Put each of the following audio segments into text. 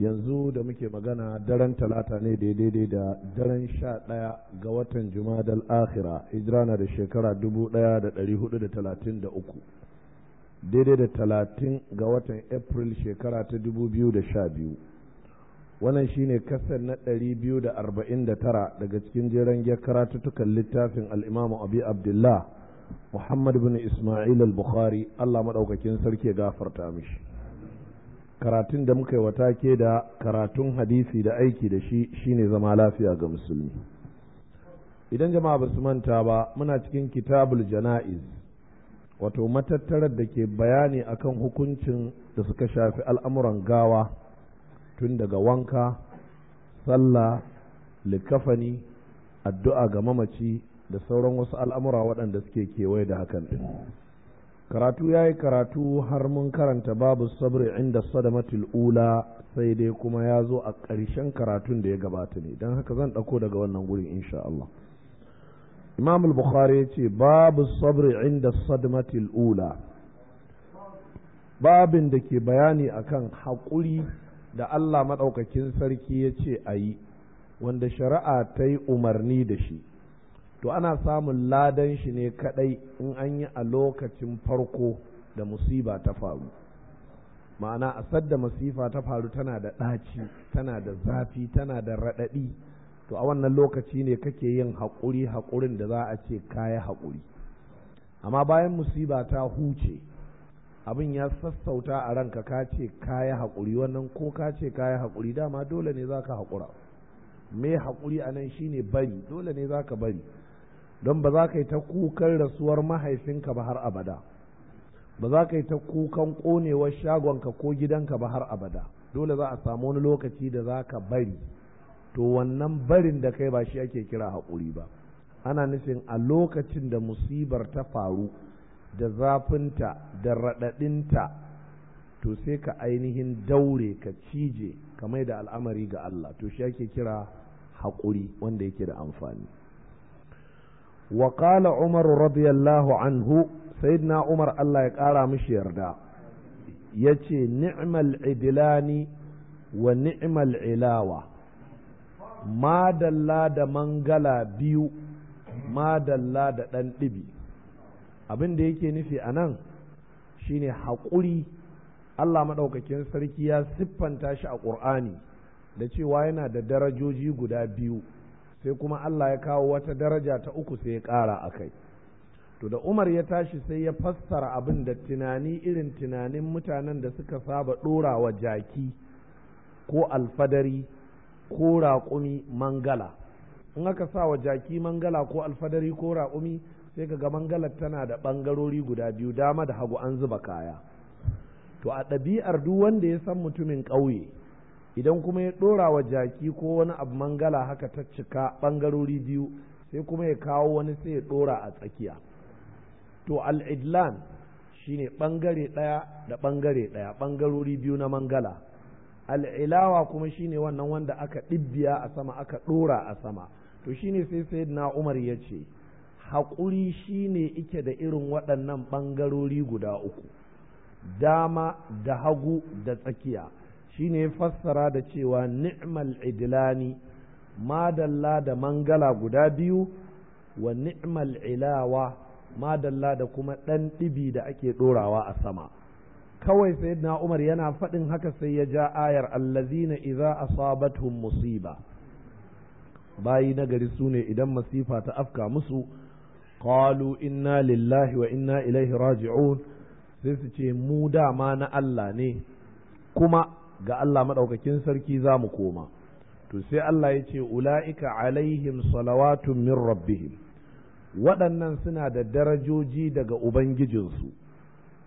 yanzu da muke magana daren talata ne daidai da daren sha ɗaya ga watan jumadal akhira hijira na da shekara dubu ɗaya da ɗari hudu da talatin da uku daidai da talatin ga watan april shekara ta dubu biyu da sha biyu wannan shine kasar na ɗari biyu da arba'in da tara daga cikin jeren karatuttukan littafin al'imamu abi abdullah muhammad bin ismail al-bukhari allah maɗaukakin sarki gafarta mishi karatun da muka yi wata ke da karatun hadisi da aiki da shi shine zama lafiya ga musulmi idan jama'a ba su manta ba muna cikin kitabul jana'iz wato matattarar da ke bayani akan hukuncin da suka shafi al'amuran gawa tun daga wanka sallah likafani addu'a ga mamaci da sauran wasu al'amura waɗanda suke kewaye da hakan ɗin. karatu ya yi karatu har mun karanta babu sabri inda sadamatul ula sai dai kuma ya zo a ƙarshen karatun da ya gabata ne don haka zan ɗauko daga wannan gurin insha Allah imam al-bukhari ya ce babu sabri inda sadamatul ula babin da ke bayani akan haƙuri da Allah maɗaukakin sarki ya ce a yi wanda shari'a ta yi umarni da shi to ana samun ladan shi ne kadai in an yi a lokacin farko da musiba ta faru ma'ana a sadda masifa ta faru tana da ɗaci tana da zafi tana da raɗaɗi to a wannan lokaci ne kake yin haƙuri haƙurin da za a ce kaya haƙuri amma bayan musiba ta huce abin ya sassauta a ranka ka ce kaya haƙuri wannan ko ka ce kaya haƙuri dama dole ne za ka haƙura me haƙuri a nan shine bari dole ne za ka bari don ba za ka yi ta kukan rasuwar mahaifinka ba har abada ba za ka yi ta kukan ƙonewar shagonka ko gidanka ba har abada dole za a samu wani lokaci da za ka bari to wannan barin da kai ba shi ake kira haƙuri ba ana nufin a lokacin da musibar ta faru da zafinta da raɗaɗinta to sai ka ainihin daure ka cije ka mai da al'amari ga Allah to shi ake kira haƙuri wanda yake da amfani wa qala umar radiyallahu anhu na umar Allah ya ƙara mishi yarda yace ni'mal idlani wa ni'mal ilawa madalla da mangala biyu madalla da ɗan ɗibi abin da yake nufi a nan shine haƙuri Allah maɗaukakin sarki ya siffanta shi a ƙur'ani da cewa yana da darajoji guda biyu sai kuma Allah ya kawo wata daraja ta uku sai ya ƙara a kai to da Umar ya tashi sai ya fassara abin da tunani irin tunanin mutanen da suka saba ɗora wa jaki ko alfadari ko raƙumi mangala in aka sa wa jaki mangala ko alfadari ko raƙumi sai ka ga mangalar tana da ɓangarori guda biyu dama da hagu an zuba kaya to a ɗabi'ar duk wanda ya san mutumin ƙauye idan kuma ya ɗora wa jaki ko wani abu mangala haka ta cika ɓangarori biyu sai kuma ya kawo wani sai ya ɗora a tsakiya to al'idlan shine ɓangare ɗaya da ɓangare ɗaya ɓangarori biyu na mangala al'ilawa kuma shine wannan wanda aka ɗibbiya a sama aka ɗora a sama to shine sai sai na umar ya ce haƙuri shine ike da irin waɗannan ɓangarori guda uku dama da hagu da tsakiya Shi ne fassara da cewa ni'mal idlani madalla da mangala guda biyu wa ni'mal ilawa madalla da kuma ɗan ɗibi da ake ɗorawa a sama kawai sayyidina Umar yana faɗin haka sai ya ja ayar allazina idza asabatuhum musiba bayi nagari gari sune idan masifa ta afka musu qalu inna lillahi wa inna ilaihi raji'un sai su ce mu dama na Allah ne kuma ga Allah maɗaukakin sarki za mu koma to sai Allah ya ce ula'ika alaihim salawatun min rabbihim waɗannan suna da darajoji daga ubangijinsu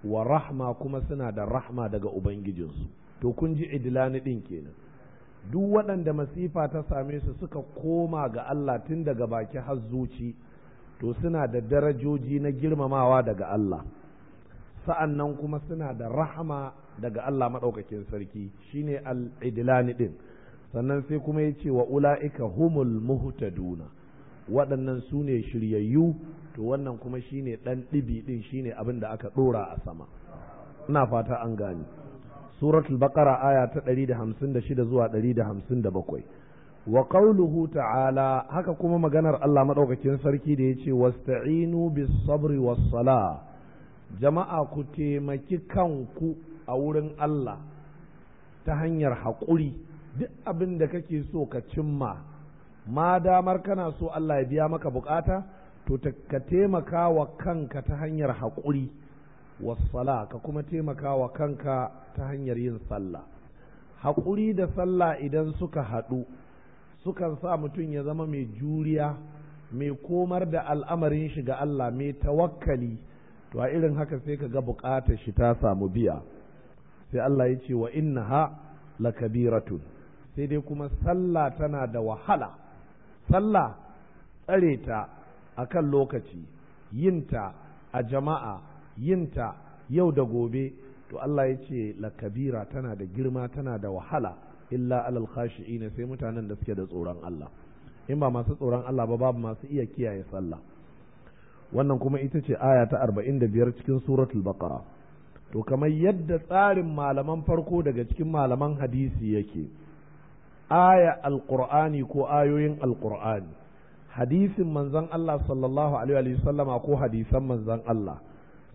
wa rahma kuma suna da rahma daga ubangijinsu to kun ji idlani ɗin kenan duk waɗanda masifa ta same su suka koma ga Allah tun daga baki har zuci to suna da darajoji na girmamawa daga Allah sa'an nan kuma suna da rahma. daga Allah maɗaukakin sarki shine al-idlani din sannan sai kuma ya ce wa ula'ika humul muhtaduna waɗannan su ne shiryayyu to wannan kuma shine ɗan ɗibi ɗin shine abin da aka ɗora a sama ina fata an gani suratul baqara aya ta 156 zuwa 157 wa qawluhu ta'ala haka kuma maganar Allah madaukakin sarki da yace wasta'inu bis sabri was sala jama'a ku taimaki kanku a wurin Allah ta hanyar haƙuri duk abin da kake so ka cimma ma damar kana so Allah ya biya maka bukata to ka taimaka wa kanka ta hanyar haƙuri wassala ka kuma taimaka wa kanka ta hanyar yin sallah haƙuri da sallah idan suka haɗu sukan sa mutum ya zama mai juriya mai komar da al'amarin shi ga Allah mai tawakkali to a irin haka sai ka ga buƙatar shi ta samu biya sai Allah ya ce wa inna ha la lakabiratun sai dai kuma sallah tana da wahala sallah tsare ta kan lokaci yinta a jama'a yinta yau da gobe to Allah ya ce la Kabira tana da girma tana da wahala illa alal ne sai mutanen da suke da tsoron Allah in ba masu tsoron Allah ba babu masu iya kiyaye sallah wannan kuma ita ce aya ta 45 cikin suratul baqara to kamar yadda tsarin malaman farko daga cikin malaman hadisi yake aya alqur'ani ko ayoyin alqur'ani hadisin manzon Allah sallallahu alaihi wa ko hadisan manzon Allah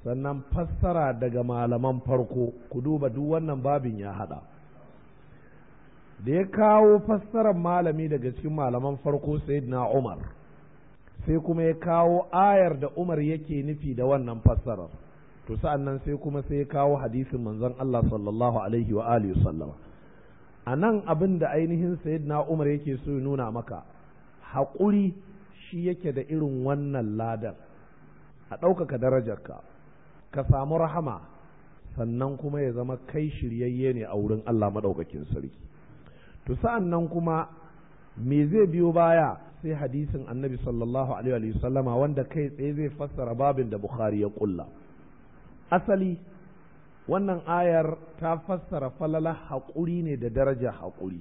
sannan fassara daga malaman farko ku duba duk wannan babin ya hada da ya kawo fassarar malami daga cikin malaman farko sayyidina Umar sai kuma ya kawo ayar da Umar yake nufi da wannan fassarar to sa'an sai kuma sai ya kawo hadisin manzon Allah sallallahu alaihi wa alihi sallama a nan abin da ainihin na Umar yake so nuna maka haƙuri shi yake da irin wannan ladar a ɗaukaka darajarka ka samu rahama sannan kuma ya zama kai shiryayye ne a wurin Allah maɗaukakin sarki to sa'an nan kuma me zai biyo baya sai hadisin annabi sallallahu alaihi wa sallama wanda kai tsaye zai fassara babin da Bukhari ya ƙulla. asali wannan ayar ta fassara falala haƙuri ne da daraja haƙuri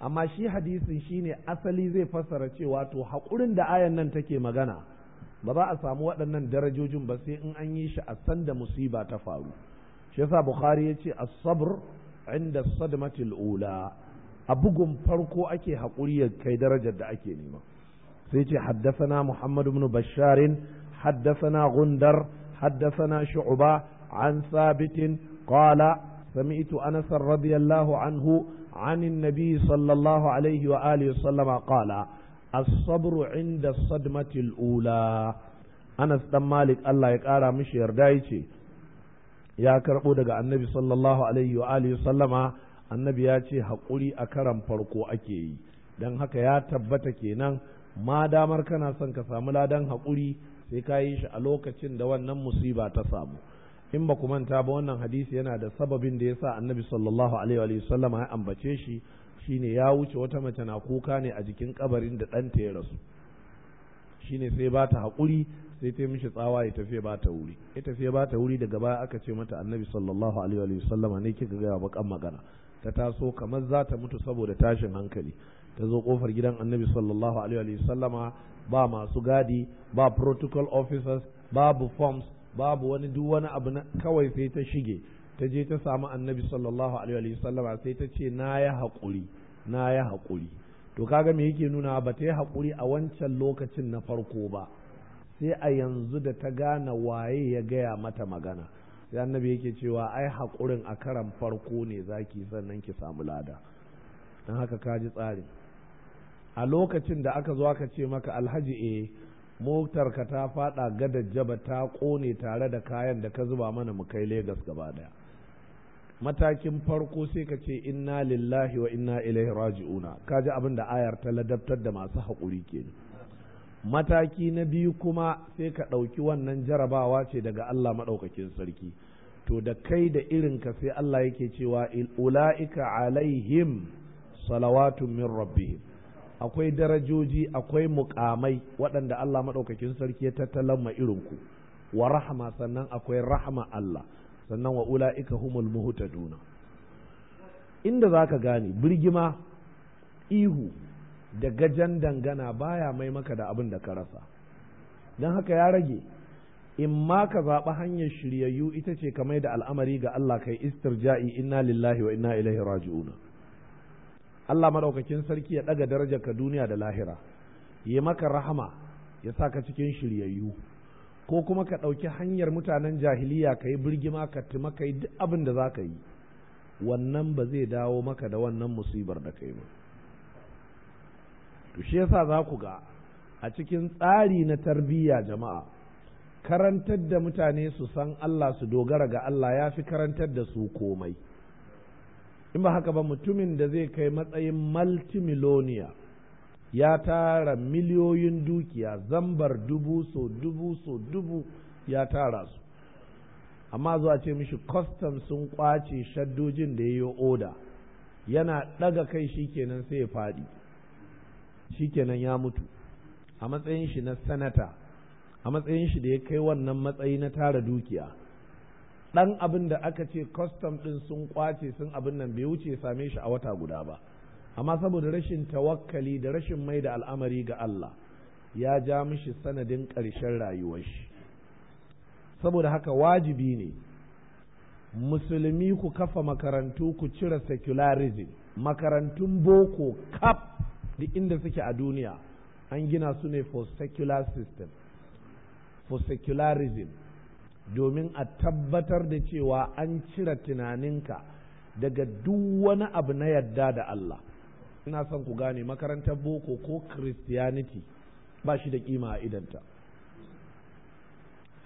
amma shi hadisin shine asali zai fassara cewa to haƙurin da ayar nan take magana ba za a samu waɗannan darajojin ba sai in an yi shi a sanda musiba ta faru shi yasa bukhari ya ce as-sabr inda sadmatil ula a bugun farko ake haƙuri ya kai darajar da ake nema sai ce Muhammadu muhammadu ibn haddasa na gundar حدثنا شعبة عن ثابت قال سمعت أنس رضي الله عنه عن النبي صلى الله عليه وآله وسلم قال الصبر عند الصدمة الأولى أنا بن مالك الله يقارى مش يردايتي يا كربو دغا النبي صلى الله عليه وآله وسلم annabi ya ce haƙuri a karan farko ake yi don haka ya tabbata kenan ma damar kana son ka samu ladan haƙuri sai ka yi shi a lokacin da wannan musiba ta samu in ba ku manta ba wannan hadisi yana da sababin da ya sa annabi sallallahu alaihi wa sallam ya ambace shi shine ya wuce wata mace na kuka ne a jikin kabarin da ɗanta ya rasu shine sai ba ta haƙuri sai ta mishi tsawa ya tafi ba ta wuri ya tafi ba ta wuri daga baya aka ce mata annabi sallallahu alaihi wa sallam ne kika ga kan magana ta taso kamar za ta mutu saboda tashin hankali ta zo kofar gidan annabi sallallahu alaihi wa sallama ba masu gadi ba protocol officers babu forms babu wani duk wani abu kawai sai ta shige ta je ta samu annabi sallallahu alaihi wasallam sai ta ce na ya haƙuri na ya haƙuri to kaga me yake nuna ba ta yi haƙuri a wancan lokacin na farko ba sai a yanzu da ta gane waye ya gaya mata magana sai annabi yake cewa ai haƙurin a karan farko ne zaki sannan ki samu lada don haka ka ji tsarin a lokacin da aka zo aka ce maka alhaji e eh, motarka ta fada gadar jaba ta kone tare da kayan da ka zuba mana mu kai Legas gaba daya matakin farko sai ka ce inna lillahi wa inna ilaihi ka ji abin da ayar ta ladabtar da masu haƙuri ni. mataki na biyu kuma sai ka ɗauki wannan jarabawa ce daga Allah maɗaukakin sarki to da kai da irinka sai Allah yake cewa ula'ika alaihim salawatun min rabbihim akwai darajoji akwai mukamai waɗanda Allah maɗaukakin sarki ya tattalan ma irinku wa rahama sannan akwai rahama Allah sannan wa ula'ika humul muhtaduna inda zaka gane birgima ihu da gajan dangana baya mai maka da abin da ka rasa don haka ya rage in ma ka zaɓi hanyar shiryayyu ita ce kamar da al'amari ga Allah kai istirja'i inna lillahi wa inna ilaihi raji'una Allah maɗaukakin sarki ya ɗaga darajar ka duniya da lahira ya maka rahama ya sa ka cikin shiryayyu ko kuma ka ɗauki hanyar mutanen jahiliya ka yi birgima ka tuma ka yi duk abin da za ka yi wannan ba zai dawo maka da wannan musibar da kai ba to shi yasa za ku ga a cikin tsari na tarbiyya jama'a karantar da mutane su san Allah su dogara ga Allah ya fi karantar da su komai in ba haka ba mutumin da zai kai matsayin multimillionaire ya tara miliyoyin dukiya zambar dubu so dubu so dubu ya tara su amma zuwa ce mishi kwastam sun kwace shaddojin da ya yi oda yana ɗaga kai shikenan sai ya faɗi shikenan ya mutu a matsayin shi na sanata a matsayin shi da ya kai wannan matsayi na tara dukiya ɗan abin da aka ce custom ɗin sun kwace sun abin nan bai wuce same shi a wata guda ba amma saboda rashin tawakkali da rashin mai da al'amari ga Allah ya ja mishi sanadin ƙarshen rayuwar shi saboda haka wajibi ne musulmi ku kafa makarantu ku cire secularism makarantun boko kap duk inda suke a duniya an gina su ne for secular system for secularism domin a tabbatar da cewa an cire tunaninka daga duk wani abu na yadda da Allah ina son ku gane makarantar boko ko christianity ba shi da kima a idanta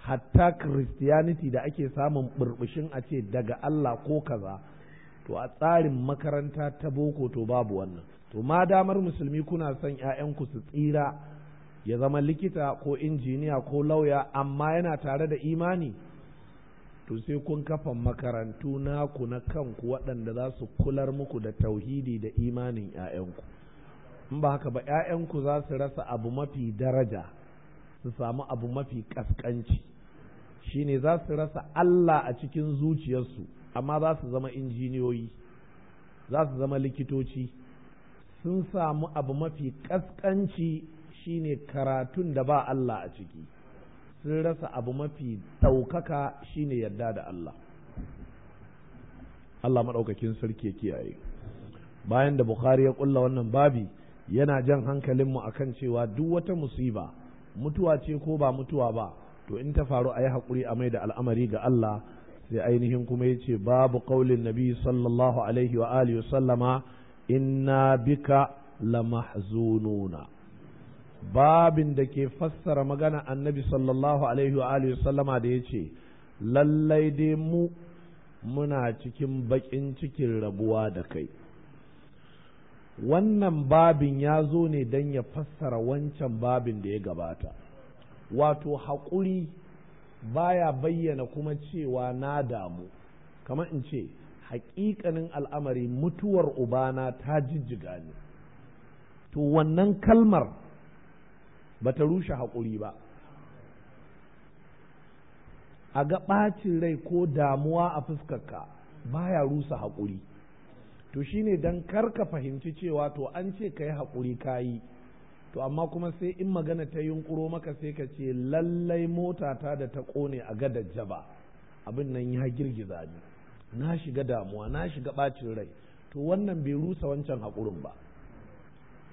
hatta christianity da ake samun burbushin a ce daga Allah ko kaza to a tsarin makaranta ta boko to babu wannan to ma damar musulmi kuna son 'ya'yanku su tsira ya zama likita ko injiniya ko lauya amma yana tare da imani to sai kun kafa makarantu naku na kanku waɗanda za su kular muku da tauhidi da imanin 'ya'yanku in ba haka ba 'ya'yanku za su rasa abu mafi daraja su samu abu mafi ƙasƙanci shine za su rasa Allah a cikin zuciyarsu amma za su zama injiniyoyi za su zama likitoci sun samu abu mafi ƙasƙanci shine karatun da ba Allah a ciki sun rasa abu mafi ɗaukaka shine yarda da Allah Allah maɗaukakin sarki ya kiyaye bayan da Bukhari ya ƙulla wannan babi yana jan hankalinmu akan cewa duk wata musiba mutuwa ce ko ba mutuwa ba to in ta faru a yi haƙuri a mai da al'amari ga Allah sai ainihin kuma ya ce babu ƙaulin nabi sallallahu alaihi wa alihi sallama inna bika la mahzununa babin da ke fassara magana annabi sallallahu alaihi wa alihi sallama da yace lallai dai mu muna cikin baƙin cikin rabuwa da kai wannan babin ya zo ne don ya fassara wancan babin da ya gabata wato haƙuri baya bayyana kuma cewa na damu kamar in ce haƙiƙanin al'amari mutuwar ubana ta jijjiga ne to wannan kalmar bata rushe haƙuri ba a ga ɓacin rai ko damuwa a fuskarka baya rusa haƙuri to shine dan kar ka fahimci cewa to an ce ka yi haƙuri ka yi to amma kuma sai in magana ta yunƙuro maka sai ka ce lallai mota ta da ta ƙone a gadar jaba abin nan ya girgiza ni na shiga damuwa na shiga ɓacin rai to wannan bai rusa wancan haƙurin ba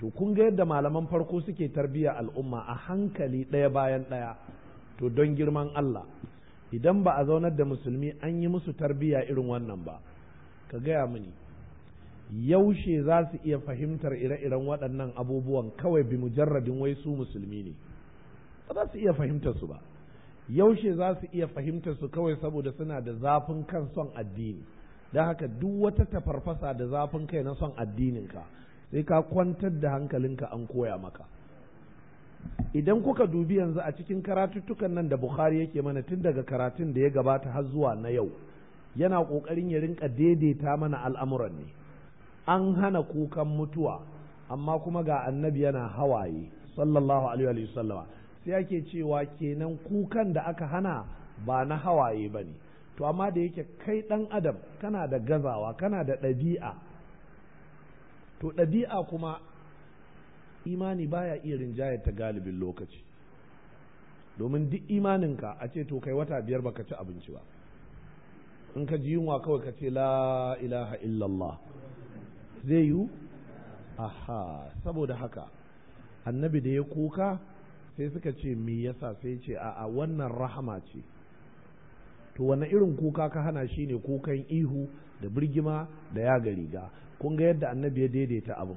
to kun ga yadda malaman farko suke tarbiya al'umma a hankali ɗaya bayan ɗaya to don girman Allah idan ba a zaunar da musulmi an yi musu tarbiya irin wannan ba ka gaya mini yaushe za su iya fahimtar ire-iren waɗannan abubuwan kawai bi mujarradin wai su musulmi ne ba za su iya fahimtar su ba yaushe za su iya fahimtar su kawai saboda suna da zafin kan son addini don haka duk wata tafarfasa da zafin kai na son addininka sai ka kwantar da hankalinka an koya maka idan kuka dubi yanzu a cikin karatuttukan nan da Bukhari yake mana tun daga karatun da ya gabata har zuwa na yau yana ƙoƙarin ya rinka daidaita mana al'amuran ne an hana kukan mutuwa amma kuma ga annabi yana hawaye sallallahu alaihi wasallama sai ake cewa kenan kukan da aka hana ba na hawaye ba ne to amma da yake kai ɗan adam kana da gazawa kana da ɗabi'a to ɗabi'a kuma imani baya iya rinjaya ta galibin lokaci domin duk imaninka a ce to kai wata biyar baka ci abinci ba in ka ji yunwa kawai ka ce la ilaha illallah zai yiwu aha saboda haka annabi da ya kuka sai suka ce me yasa sai ce a'a wannan rahama ce to wani irin kuka ka hana shi ne kukan ihu da birgima da yaga riga kun ga yadda annabi ya daidaita abu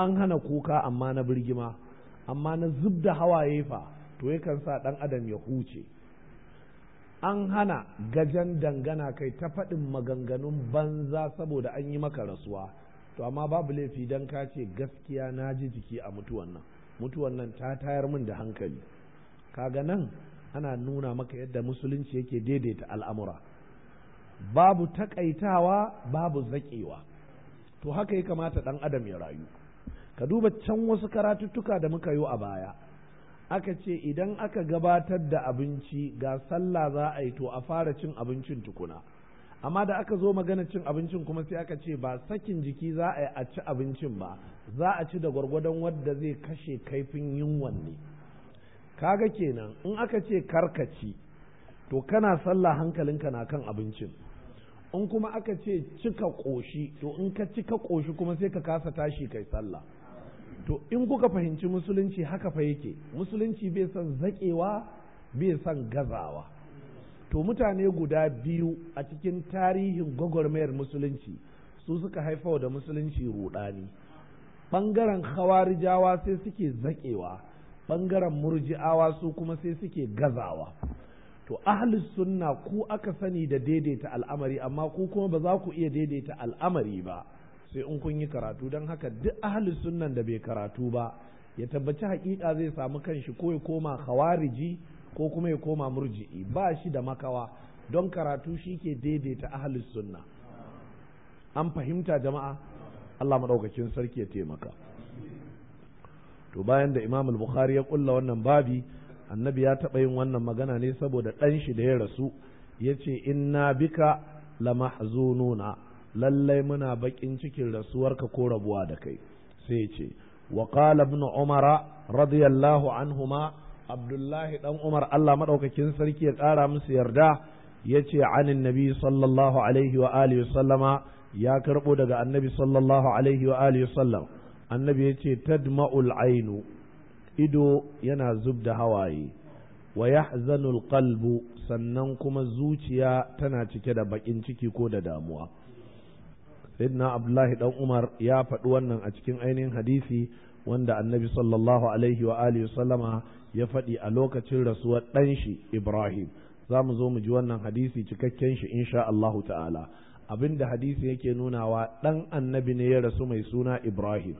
an hana kuka amma na birgima amma na zub da hawaye fa to yakan sa ɗan adam ya huce an hana gajen dangana kai ta faɗin maganganun banza saboda an yi maka rasuwa to amma babu laifi don ka ce gaskiya na ji jiki a mutuwan nan mutuwan nan ta tayar min da hankali kaga nan ana nuna maka yadda musulunci yake daidaita al'amura babu takaitawa babu zaƙewa to haka ya kamata ɗan adam ya rayu ka duba can wasu karatuttuka da muka yi a baya aka ce idan aka gabatar da abinci ga sallah za a yi to a fara cin abincin tukuna amma da aka zo magana cin abincin kuma sai aka ce ba sakin jiki za a yi a ci abincin ba za a ci da gwargwadon wadda zai kashe kaifin yunwan ne kaga kenan in aka ce karkaci to kana sallah hankalinka na kan abincin in kuma aka ce cika ƙoshi to in ka cika ƙoshi kuma sai ka kasa tashi kai sallah to in kuka fahimci musulunci haka fa yake musulunci bai son zaƙewa bai son gazawa to mutane guda biyu a cikin tarihin gwagwarmayar musulunci su suka haifa da musulunci rudani ɓangaren hawarijawa sai suke zaƙewa ɓangaren murji'awa su kuma sai suke gazawa to ahlus sunna ku aka sani da daidaita al'amari amma ku kuma ba za ku iya daidaita al'amari ba sai in kun yi karatu don haka duk ahlus sunnan da bai karatu ba ya tabbaci haƙiƙa zai samu kanshi ko ya koma khawariji ko kuma ya koma murji'i ba shi da makawa don karatu shi ke daidaita ahlus sunna an fahimta jama'a Allah madaukakin sarki ya taimaka to bayan da Imam al-Bukhari ya kulla wannan babi annabi ya taɓa yin wannan magana ne saboda ɗan shi da ya rasu ya ce inna bika la mahzununa lallai muna baƙin cikin rasuwar ka ko rabuwa da kai sai ya ce wa qala ibn umara radiyallahu anhuma abdullahi dan umar Allah madaukakin sarki ya ƙara musu yarda yace ce anin nabi sallallahu alaihi wa alihi sallama ya karɓo daga annabi sallallahu alaihi wa alihi sallam annabi ya tadma'ul ainu ido yana zub da hawaye wa yahzanul qalbu sannan kuma zuciya tana cike da bakin ciki ko da damuwa sayyidina abdullahi dan umar ya faɗi wannan a cikin ainihin hadisi wanda annabi sallallahu alaihi wa alihi sallama ya faɗi a lokacin rasuwar ɗan shi ibrahim za mu zo mu ji wannan hadisi cikakken shi insha Allahu ta'ala abinda hadisi yake nunawa ɗan annabi ne ya rasu mai suna ibrahim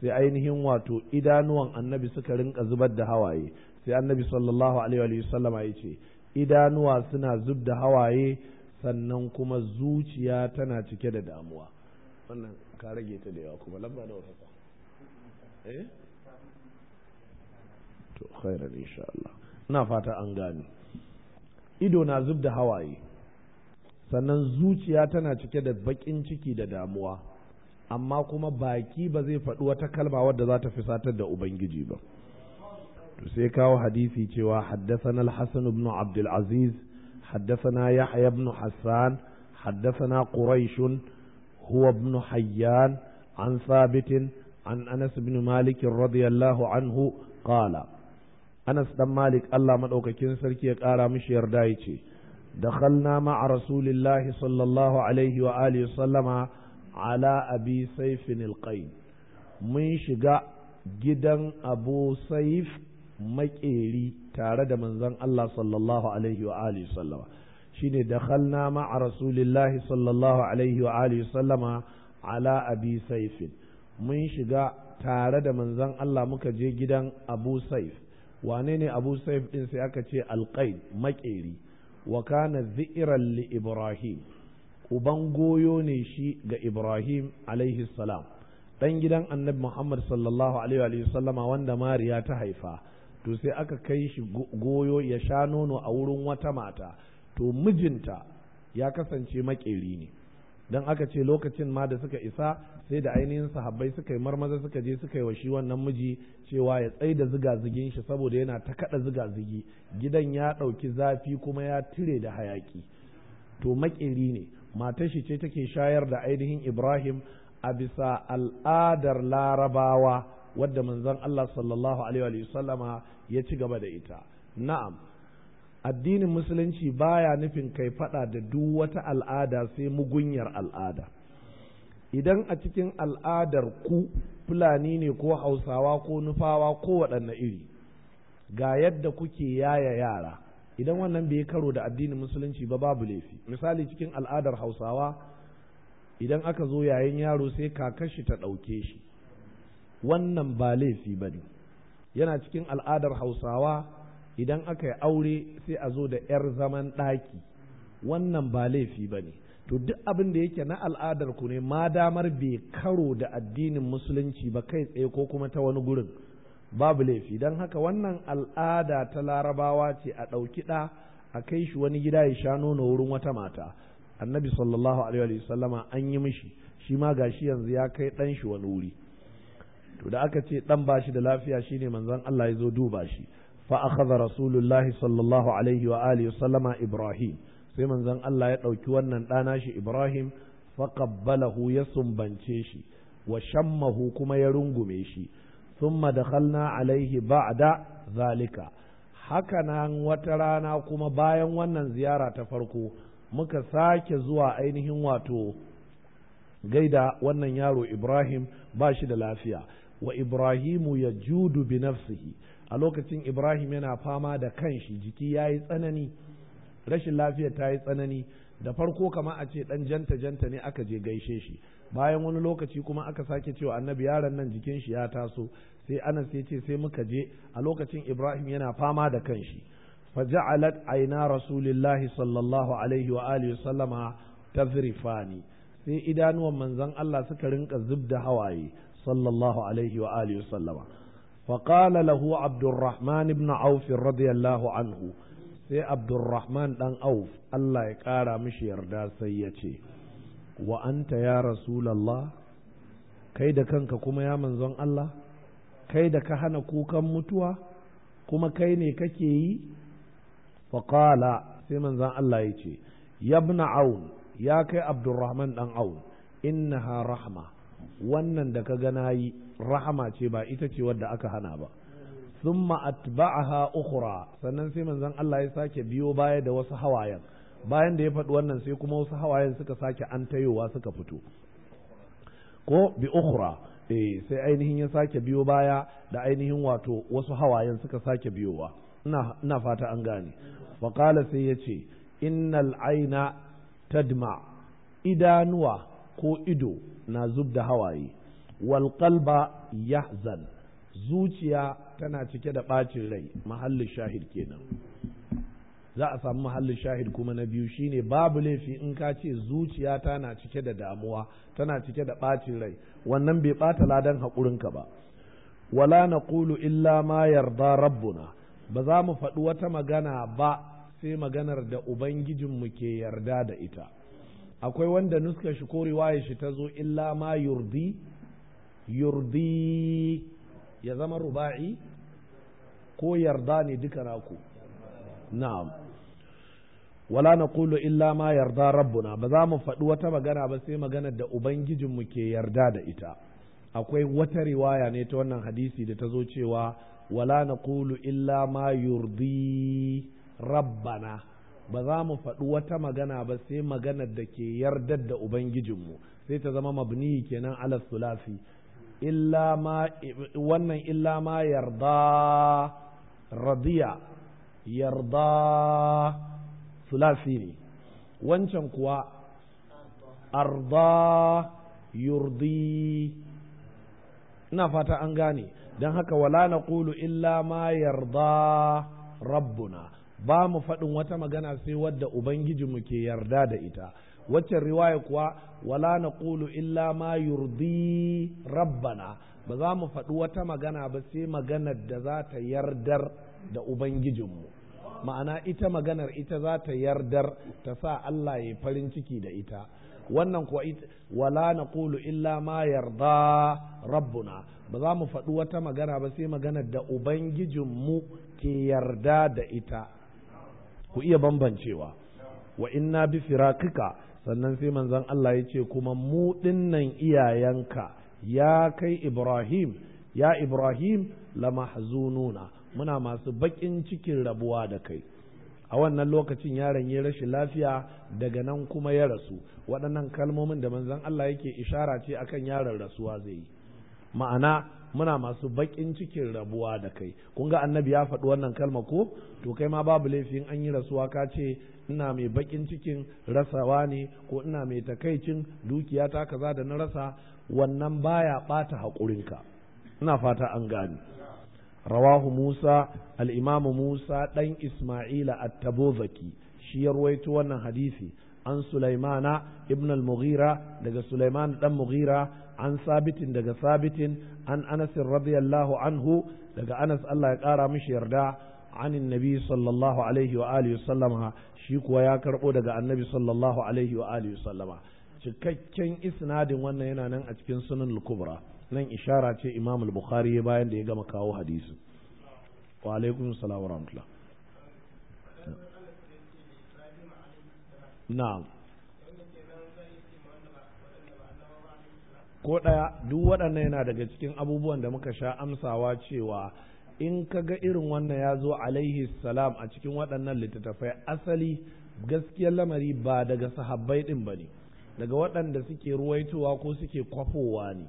sai ainihin wato idanuwan annabi suka rinka zubar da hawaye sai annabi sallallahu alaihi sallam ya ce idanuwa suna zub da hawaye sannan kuma zuciya tana cike da damuwa wannan ka rage ta da yawa kuma lamba da wata eh to khairan insha Allah ina fata an gane ido na zub da hawaye sannan zuciya tana cike da bakin ciki da damuwa amma kuma baki ba zai faɗi wata kalma wadda za ta fusatar da ubangiji ba to sai kawo hadisi cewa haddathana al Hassan ibn abdul aziz yahya ibn hassan haddasana Quraishun huwa ibn hayyan an sabitin an anas ibn malik radiyallahu anhu kala anas dan malik Allah madaukakin sarki ya kara mishi yarda yace dakhalna ma'a rasulillahi sallallahu alaihi wa sallama ala abi saifin alqain mun shiga gidan abu saif Maƙeri tare da manzon Allah sallallahu alaihi wa alihi sallama shine dakhalna ma'a rasulillahi sallallahu alaihi wa alihi sallama ala abi saifin mun shiga tare da manzon Allah muka je gidan Abu Saif wane ne Abu Saif din sai aka ce alqaid Maƙeri wa kana dhi'ran li Ibrahim uban goyo ne shi ga Ibrahim alaihi salam dan gidan annabi Muhammad sallallahu alaihi wa sallama wanda Mariya ta haifa to sai aka kai shi goyo ya sha nono a wurin wata mata to mijinta ya kasance makeri ne dan aka ce lokacin ma da suka isa sai da ainihin sahabbai suka yi marmaza suka je suka yi wa shi wannan miji cewa ya tsai da ziga-zigin shi saboda yana ta kada ziga-zigi gidan ya ɗauki zafi kuma ya tire da hayaki to makeri ne matar shi ce take shayar da ainihin Ibrahim a bisa al'adar larabawa wadda manzon Allah sallallahu alaihi wasallama ya ci gaba da ita na'am addinin musulunci baya nufin kai fada da duk wata al'ada sai mugunyar al'ada idan a cikin al'adar ku fulani ne ko hausawa ko nufawa ko waɗanne iri ga yadda kuke yaya yara idan wannan bai karo da addinin musulunci ba babu laifi misali cikin al'adar hausawa idan aka zo yayin yaro sai kakashi ta ɗauke shi wannan ba laifi ba ne yana cikin al'adar hausawa idan aka yi aure sai a zo da 'yar zaman ɗaki wannan ba laifi ba ne to duk abin da yake na al'adar ku ne ma damar bai karo da addinin musulunci ba kai tsaye ko kuma ta wani gurin babu laifi don haka wannan al'ada ta larabawa ce a ɗauki ɗa a kai shi wani gida ya sha nono wurin wata mata annabi sallallahu alaihi wasallama an yi mishi shi ma gashi yanzu ya kai ɗan shi wani wuri to da aka ce ɗan bashi da lafiya shine manzon Allah ya zo duba shi fa akhadha rasulullahi sallallahu alaihi wa alihi ibrahim sai manzon Allah ya ɗauki wannan ɗana shi ibrahim fa qabbalahu ya sumbance shi wa shammahu kuma ya rungume shi thumma dakhalna alaihi da zalika hakanan wata rana kuma bayan wannan ziyara ta farko muka sake zuwa ainihin wato gaida wannan yaro Ibrahim ba shi da lafiya wa Ibrahimu ya judu bi nafsihi a lokacin Ibrahim yana fama da kanshi jiki ya yi tsanani rashin lafiya ta yi tsanani da farko kama a ce ɗan janta janta ne aka je gaishe shi bayan wani lokaci kuma aka sake cewa annabi yaron nan jikin shi ya taso sai anas ya ce sai muka je a lokacin ibrahim yana fama da kanshi faja'alat aina rasulillahi sallallahu alaihi wa alihi sallama tazrifani sai idanuwan manzon Allah suka rinka zubda hawaye sallallahu alaihi wa alihi sallama فقال له عبد Ibn بن عوف anhu sai Abdulrahman ɗan Auf Allah ya ƙara mishi yarda sai ya ce, wa anta ya rasulallah kai da kanka kuma ya manzon Allah kai da ka hana kukan mutuwa kuma kai ne kake yi faƙala sai manzon Allah ya ce yabna aun ya kai abdurrahman dan aun innaha rahma wannan da ka gana yi rahama ce ba ita ce wadda aka hana ba thumma atba'aha ukhra sannan sai manzon Allah ya sake biyo baya da wasu hawayen bayan da ya faɗi wannan sai kuma wasu hawayen suka sake an tayowa suka fito ko bi ukhra eh sai ainihin ya sake biyo baya da ainihin wato wasu hawayen suka sake biyowa ina ina fata an gane fa qala sai yace innal aina tadma idanuwa ko ido na zub da hawaye wal qalba yahzan zuciya tana cike da bacin rai mahallin shahid kenan za a samu mahallin shahid kuma na biyu shine babu laifi in ka ce zuciya na cike da damuwa tana cike da ɓacin rai wannan bai ɓata ladan haƙurinka ba wala naqulu illa ma yarda rabbuna ba za mu faɗi wata magana ba sai maganar da ubangijinmu ke yarda da ita akwai wanda nuska shi ko shi ta zo illa ma yurdi yurdi ya zama ruba'i ko yarda ne duka naku na'am wala Kulu illa ma yarda rabbuna ba za mu faɗi wata magana ba sai magana da ubangijinmu ke yarda da ita akwai wata riwaya ne ta wannan hadisi da ta zo cewa wala Kulu illa ma yurdi rabbana ba za mu faɗi wata magana ba sai magana da ke yardar da ubangijinmu sai ta zama mabni kenan ala sulasi illa ma wannan illa ma yarda radiya yarda sulasi ne wancan kuwa arda yurdi ina fata an gane don haka wala na ƙulu illa ma yarda rabbuna ba mu faɗin wata magana sai wadda ubangijinmu ke yarda da ita waccan riwaya kuwa wala na ƙulu illa ma yurdi rabbana ba za mu faɗi wata magana ba sai maganar da za ta yardar da ubangijinmu ma'ana ita maganar ita za ta yardar ta sa Allah ya farin ciki da ita wannan kuwa wala naqulu illa ma yarda rabbuna ba za mu faɗi wata magana ba sai maganar da ubangijinmu ke yarda da ita ku iya bambancewa wa inna bi firakika sannan sai manzon Allah ya ce kuma mu dinnan iyayenka ya kai Ibrahim ya Ibrahim la mahzununa muna masu baƙin cikin rabuwa da kai a wannan lokacin yaron ya rashin lafiya daga nan kuma ya rasu waɗannan kalmomin da manzon Allah yake ishara ce akan yaron rasuwa zai yi ma'ana muna masu baƙin cikin rabuwa da kai kun ga annabi ya faɗi wannan kalma ko to kai ma babu laifin an yi rasuwa ka ce ina mai bakin cikin rasawa ne ko ina mai takaicin dukiyata kaza da na rasa wannan baya ɓata haƙurinka ina fata an gane rawahu Musa al-Imam Musa dan Isma'ila at-Tabuzaki shi ya ruwaito wannan hadisi an Sulaimana ibn al daga Sulaiman dan Mughira an sabitin daga sabitin an Anas radiyallahu anhu daga Anas Allah ya kara mashi yarda عن النبي صلى الله عليه وآله وسلم shi kuwa ya karbo daga annabi sallallahu alaihi wa alihi cikakken isnadin wannan yana nan a cikin sunan al-kubra nan ishara ce imam al-bukhari bayan da ya gama kawo hadisi wa alaikum salam wa rahmatullah na'am ko ɗaya duk waɗannan yana daga cikin abubuwan da muka sha amsawa cewa in ka ga irin wannan ya zo alaihi salam a cikin waɗannan littattafai asali gaskiyar lamari ba daga sahabbai ɗin ba ne daga waɗanda suke ruwaitowa ko suke kwafowa ne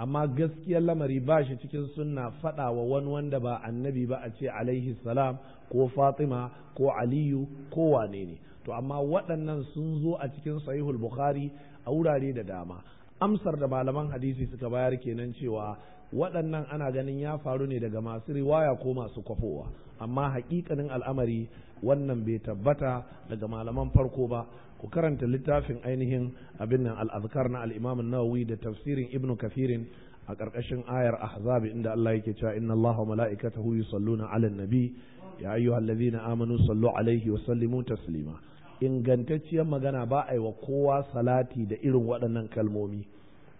amma gaskiyar lamari ba shi cikin sunna faɗa wa wani wanda ba annabi ba a ce alaihi salam ko fatima ko aliyu ko wane ne to amma waɗannan sun zo a cikin sahihul bukhari a wurare da dama amsar da malaman hadisi suka bayar kenan cewa waɗannan ana ganin ya faru ne daga masu riwaya ko masu kwafowa amma haƙiƙanin al'amari wannan bai tabbata daga malaman farko ba ku karanta littafin ainihin abin nan alazkar na al'imamin nawawi da tafsirin ibnu kafirin a ƙarƙashin ayar ahzabi inda Allah yake cewa inna Allah wa mala'ikatahu yusalluna 'alan nabi ya ayyuhallazina amanu sallu 'alaihi wa sallimu taslima ingantacciyar magana ba a yi wa kowa salati da irin waɗannan kalmomi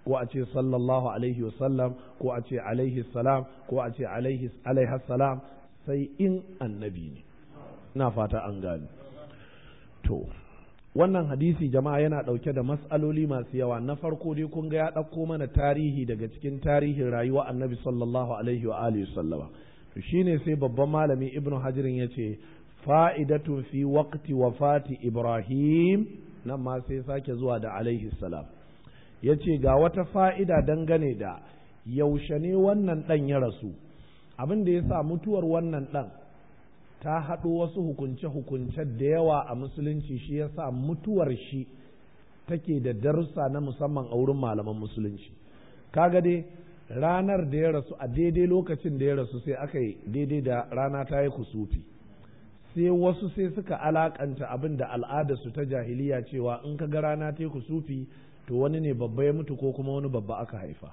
ko a ce sallallahu alaihi wa sallam ko a ce alaihi salam ko a ce alaihi salam sai in annabi ne ina fata an gani to wannan hadisi jama'a yana ɗauke da mas'aloli masu yawa na farko dai kun ga ya ɗauko mana tarihi daga cikin tarihin rayuwa annabi sallallahu alaihi wa alihi sallama to shine sai babban malami ibnu hajirin yace ce fa'idatu fi waqti wafati ibrahim nan ma sai sake zuwa da alaihi salam ya ga wata fa'ida dangane da yaushe ne wannan dan ya rasu abin da ya sa mutuwar wannan dan. ta haɗo wasu hukunce-hukunce da yawa a musulunci shi ya sa mutuwar shi take da darussa na musamman a wurin malaman musulunci kaga dai ranar da ya rasu a daidai lokacin da ya rasu sai aka yi daidai da rana ta yi kusufi sai wasu sai suka alakanta abin da al'adarsu ta jahiliya cewa in ka ga rana ta yi kusufi to wani ne babba ya mutu ko kuma wani babba aka haifa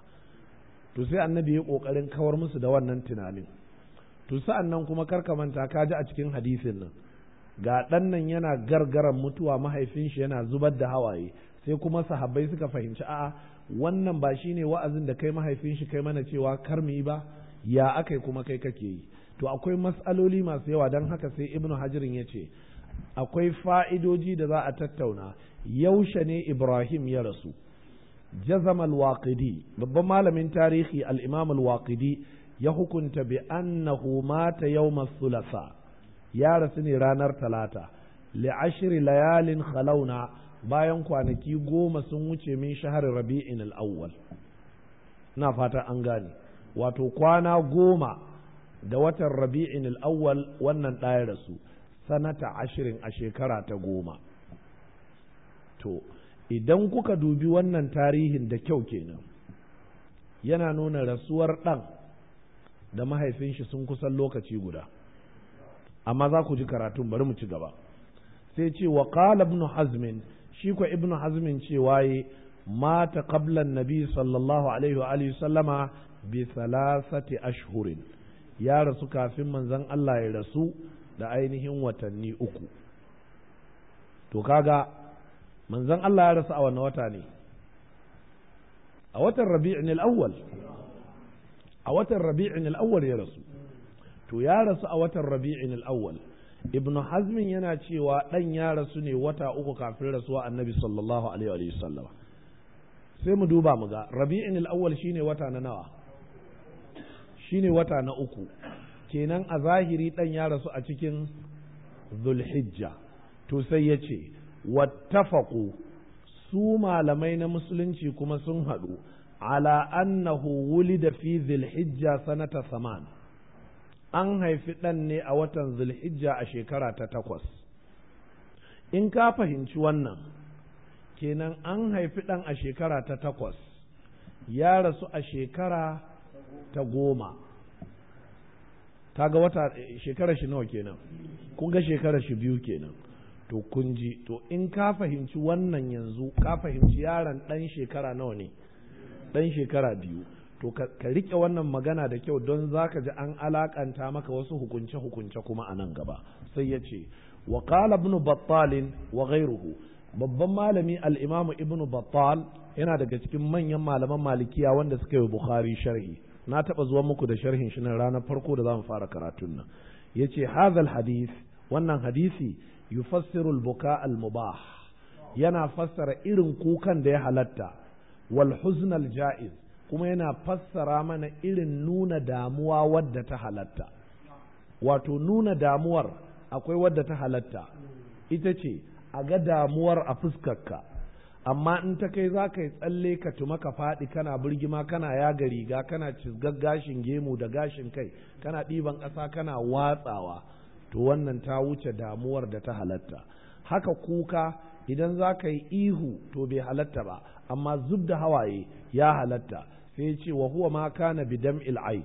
to sai annabi ya ƙoƙarin kawar musu da wannan tunanin to sa'an nan kuma karka manta ka ji a cikin hadisin nan ga ɗan nan yana gargaran mutuwa mahaifin shi yana zubar da hawaye sai kuma sahabbai suka fahimci a'a wannan ba shine wa'azin da kai mahaifin shi kai mana cewa kar mu yi ba ya akai kuma kai kake yi to akwai matsaloli masu yawa don haka sai ibnu hajirin ya ce akwai fa'idoji da za a tattauna yaushe ne ibrahim ya rasu jazam al-waqidi babban malamin tarihi al-imam al-waqidi ya hukunta bi annahu mata yawma thulatha ya rasu ne ranar talata li ashri layalin khalauna bayan kwanaki goma sun wuce min shahar rabi'in al-awwal na fata an gane wato kwana goma da watan rabi'in al-awwal wannan ɗaya rasu sanata ashirin a shekara ta goma to idan kuka dubi wannan tarihin da kyau kenan yana nuna rasuwar ɗan da mahaifin shi sun kusan lokaci guda amma za ku ji karatun bari mu ci gaba sai ce wa qala ibn hazm shi ko ibn hazm cewa waye mata qablan nabi sallallahu alaihi wa alihi sallama bi thalathati ashhurin ya rasu kafin manzon Allah ya rasu da ainihin watanni uku to kaga manzon Allah ya rasu a wannan wata ne a watan rabi'in al-awwal a watan rabi'in al'awwal ya rasu to ya rasu a watan rabi'in al'awwal ibnu hazmin yana cewa dan ya rasu ne wata uku kafin rasuwa annabi sallallahu alaihi wa sallama sai mu duba mu ga rabi'in al'awwal shine wata na nawa shine wata na uku kenan a zahiri dan ya rasu a cikin dhulhijja to sai ya ce wattafaqu su malamai na musulunci kuma sun haɗu على أنه ولد fi zilhijja sanata saman an haifi ɗan ne a watan zilhijja a shekara ta takwas in ka fahimci wannan kenan an haifi ɗan a shekara ta takwas ya rasu a shekara ta goma kaga wata shekara shi nawa kenan kun ga shekara shi biyu kenan to kun ji to in ka fahimci wannan yanzu ka fahimci yaron ɗan shekara nawa ne ɗan shekara biyu to ka riƙe wannan magana da kyau don za ka ji an alaƙanta maka wasu hukunce-hukunce kuma a nan gaba sai ya ce wa qala ibn battalin wa ghayruhu babban malami al-imamu ibn battal yana daga cikin manyan malaman malikiya wanda suka yi bukhari sharhi na taɓa zuwa muku da sharhin shi nan ranar farko da za mu fara karatun nan Ya ce hadhal hadith wannan hadisi yufassiru al-buka al-mubah yana fassara irin kukan da ya halatta wal huznal ja'iz kuma yana fassara mana irin nuna damuwa wadda ta halatta wato nuna damuwar akwai wadda ta halatta ita ce a ga damuwar a fuskarka amma in ta kai za ka yi tsalle ka tuma ka faɗi kana birgima kana yaga riga kana cizgar gashin gemu da gashin kai kana ɗiban ƙasa kana watsawa to wannan ta wuce damuwar da ta halatta haka kuka idan za ka yi ihu to bai halatta ba amma zub da hawaye ya halatta sai ce wa huwa ma kana Damil ayn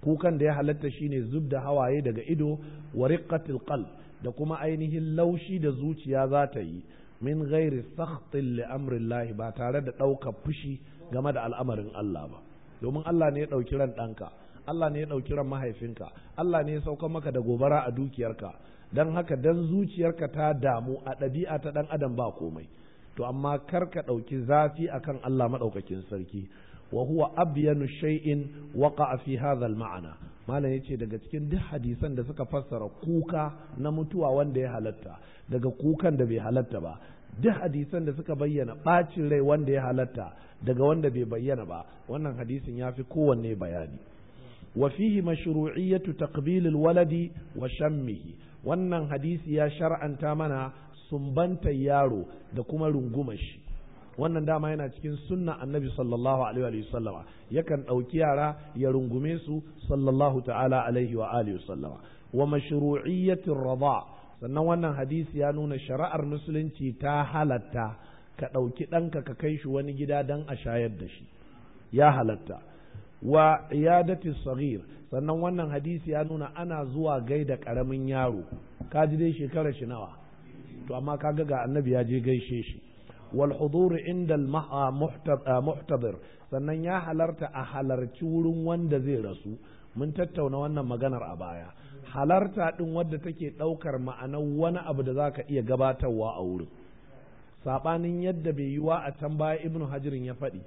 kukan da ya halatta shine zub da hawaye daga ido wa riqqatil qalb da kuma ainihin laushi da zuciya za ta yi min ghairi sakhtin li amrillahi ba tare da ɗaukar fushi game da al'amarin Allah ba domin Allah ne ya ɗauki ran ɗanka Allah ne ya ɗauki ran mahaifinka Allah ne ya sauka maka da gobara a dukiyarka dan haka dan zuciyarka ta damu a ɗabi'a ta ɗan adam ba komai to amma kar ka ɗauki zafi akan Allah maɗaukakin sarki wa huwa abyanu shay'in waqa'a fi hadha al-ma'na malam yace daga cikin duk hadisan da suka fassara kuka na mutuwa wanda ya halatta daga kukan da bai halatta ba duk hadisan da suka bayyana bacin rai wanda ya halatta daga wanda bai bayyana ba wannan hadisin ya fi kowanne bayani wa fihi mashru'iyyatu waladi wa shammihi wannan hadisi ya shar'anta mana sumbantar yaro da kuma runguma shi wannan dama yana cikin sunna annabi sallallahu alaihi wa sallama yakan ɗauki yara ya rungume su sallallahu ta'ala alaihi wa alihi wa sallama wa mashru'iyyatir rida sannan wannan hadisi ya nuna shari'ar musulunci ta halatta ka ɗauki ɗanka ka kai shi wani gida dan a shayar da shi ya halatta wa iyadati saghir sannan wannan hadisi ya nuna ana zuwa gaida karamin yaro ka ji dai shekarar shi nawa to amma ka ga annabi ya je gaishe shi wal hudur inda al ah, muhtadir sannan ya halarta a halarci wurin wanda zai rasu mun tattauna wannan maganar a baya halarta din wadda take daukar ma'anar wani abu da zaka iya gabatarwa a wurin sabanin yadda bai yiwa a can baya ibnu hajirin ya faɗi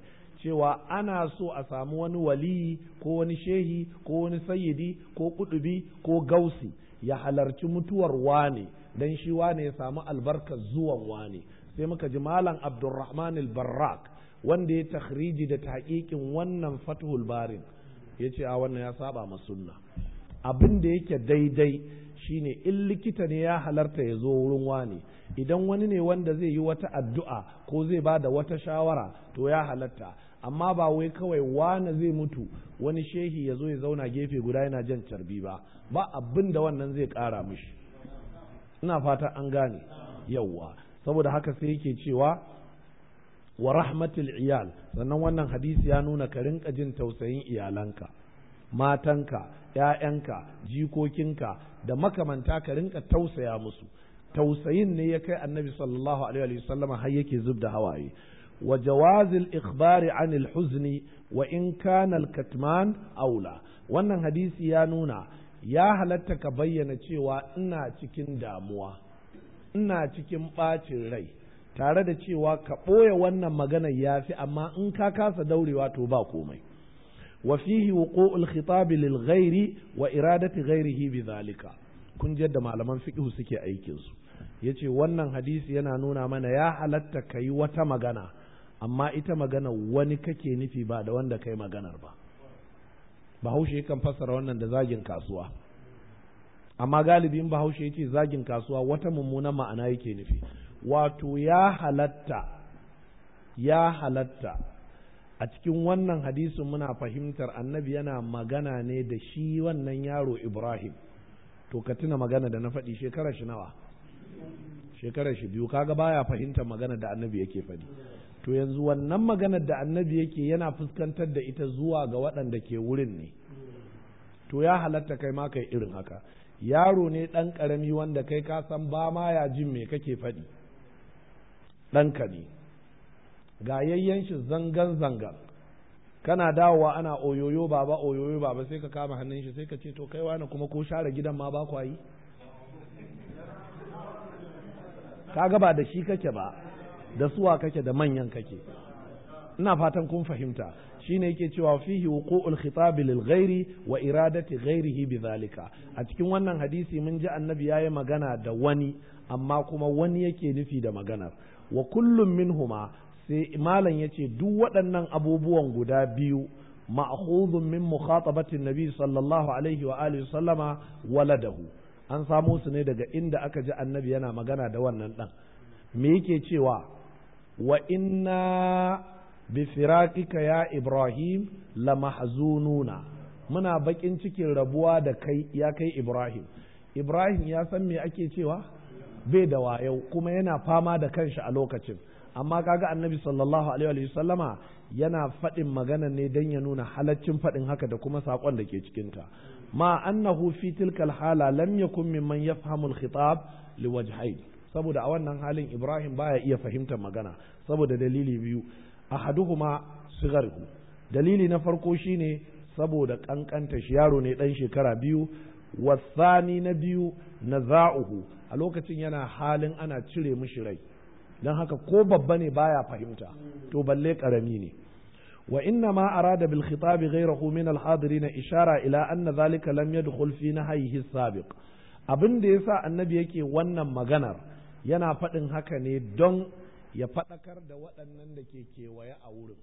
cewa ana so a samu wani waliyi ko wani shehi ko wani sayyidi ko kudubi ko gausi ya halarci mutuwar wane dan shi wane ya samu albarkar zuwan wane sai muka ji malam abdurrahman al-barrak wanda ya takhriji da taƙiƙin wannan fathul barin ya ce a wannan ya saba ma sunna abin da yake daidai shine in likita ne ya halarta ya zo wurin wane idan wani ne wanda zai yi wata addu'a ko zai ba da wata shawara to ya halarta amma ba wai kawai wane zai mutu wani shehi ya zo ya zauna gefe guda yana jan carbi ba ba abin da wannan zai ƙara mishi ina fata an gane yauwa saboda haka sai yake cewa wa rahmatul iyal sannan wannan hadisi ya nuna ka rinka jin tausayin iyalanka matanka ‘ya'yanka jikokinka da makamanta ka rinka tausaya musu tausayin ne ya kai annabi sallallahu alaihi wasallama har yake zub da hawaye wa jawazil ikhbari anil huzni wa in kana aula wannan hadisi ya nuna ya halatta ka bayyana cewa ina cikin damuwa ina cikin ɓacin rai tare da cewa ka ɓoye wannan magana ya fi amma in ka kasa daurewa to ba komai wa fihi wuqu'ul khitab lil ghairi wa iradati ghairihi bi zalika kun da malaman fiqh suke aikin su yace wannan hadisi yana nuna mana ya halatta kai wata magana amma ita magana wani kake nufi ba da wanda kai maganar ba bahaushe kan fassara wannan da zagin kasuwa amma galibin in bahaushe yace zagin kasuwa wata mummunan ma'ana yake nufi wato ya halatta ya halatta a cikin wannan hadisin muna fahimtar annabi yana magana ne da shi wannan yaro ibrahim to ka tuna magana da na faɗi shekarar shi nawa shekarar shi biyu kaga baya fahimtar magana da annabi yake faɗi to yanzu wannan maganar da annabi yake yana fuskantar da ita zuwa ga waɗanda ke wurin ne to ya halatta kai ma kai irin haka yaro ne ɗan ƙarami wanda kai ka san ba ma ya jin me kake faɗi ɗanka ne ga yayyen shi zangan zangan kana dawowa ana oyoyo baba oyoyo baba sai ka kama hannun shi sai ka ce to kai wani kuma ko share gidan ma ba kwayi Ka kaga ba da shi kake ba da suwa kake da manyan kake ina fatan kun fahimta shine yake cewa fihi wuqu'ul khitab lil ghairi wa iradati ghairihi bidhalika a cikin wannan hadisi mun ji annabi yayi magana da wani amma kuma wani yake nufi da maganar wa kullum minhuma sai malam yace duk waɗannan abubuwan guda biyu ma'khudhun min mukhatabati nabi sallallahu alaihi wa alihi sallama waladahu an samo su ne daga inda aka ji annabi yana magana da wannan dan me yake cewa wa inna bi ya ibrahim la mahzununa muna baƙin cikin rabuwa da kai ya kai ibrahim ibrahim ya san me ake cewa bai da wayau kuma yana fama da kanshi a lokacin amma kaga annabi sallallahu alaihi wa sallama yana faɗin magana ne don ya nuna halaccin faɗin haka da kuma saƙon da ke cikinta ma annahu fi tilkal hala lam yakun mimman yafhamul khitab liwajhayn saboda a wannan halin Ibrahim baya iya fahimtar magana saboda dalili biyu ahaduhuma sigarhu dalili na farko shine saboda kankanta shi yaro ne dan shekara biyu wasani na biyu na za'uhu a lokacin yana halin ana cire mishi rai don haka ko babba ne baya fahimta to balle karami ne wa inna ma arada bil khitab ghayrahu min al hadirin ishara ila anna dhalika lam yadkhul fi nahyihi sabiq abin da yasa annabi yake wannan maganar yana faɗin haka ne don ya faɗakar da waɗannan da ke kewaye a wurin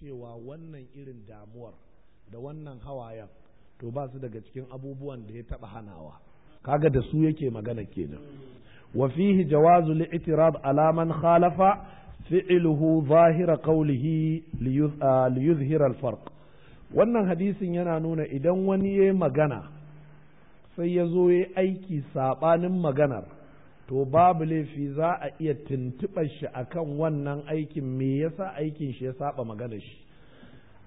cewa wannan irin damuwar da wannan hawayen to ba su daga cikin abubuwan da ya taɓa hanawa kaga da su yake magana kenan wa fihi jawazu itirab ala man khalafa fi'luhu zahira qawlihi liyuzhira al-farq wannan hadisin yana nuna idan wani ya magana sai ya zo ya aiki saɓanin maganar to babu laifi za a iya tuntuɓar shi akan wannan aikin me yasa aikin shi ya saba magana shi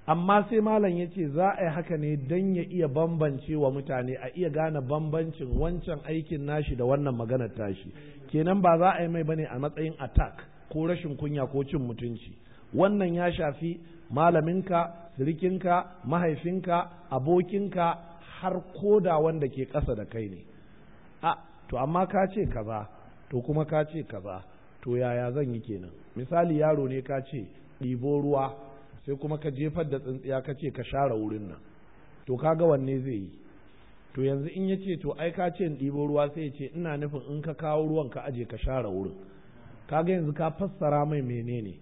amma sai malam ya ce za a yi haka ne don ya iya bambance wa mutane a iya gane bambancin wancan aikin nashi da wannan maganar tashi kenan ba za a yi mai bane a matsayin attack ko rashin kunya ko cin mutunci wannan ya shafi malaminka sirikinka mahaifinka abokinka har koda wanda ke ƙasa da kai ne to amma ka ce ka ba, to kuma ka ce ka ba, to yaya zan yi kenan misali yaro ne ka ce ɗibo ruwa sai kuma ka jefar da tsintsiya ka ce ka share wurin nan to kaga wanne zai yi to yanzu in ya ce to ai ka ce ɗibo ruwa sai ya ce ina nufin in ka kawo ruwan ka aje ka share wurin kaga yanzu ka fassara mai menene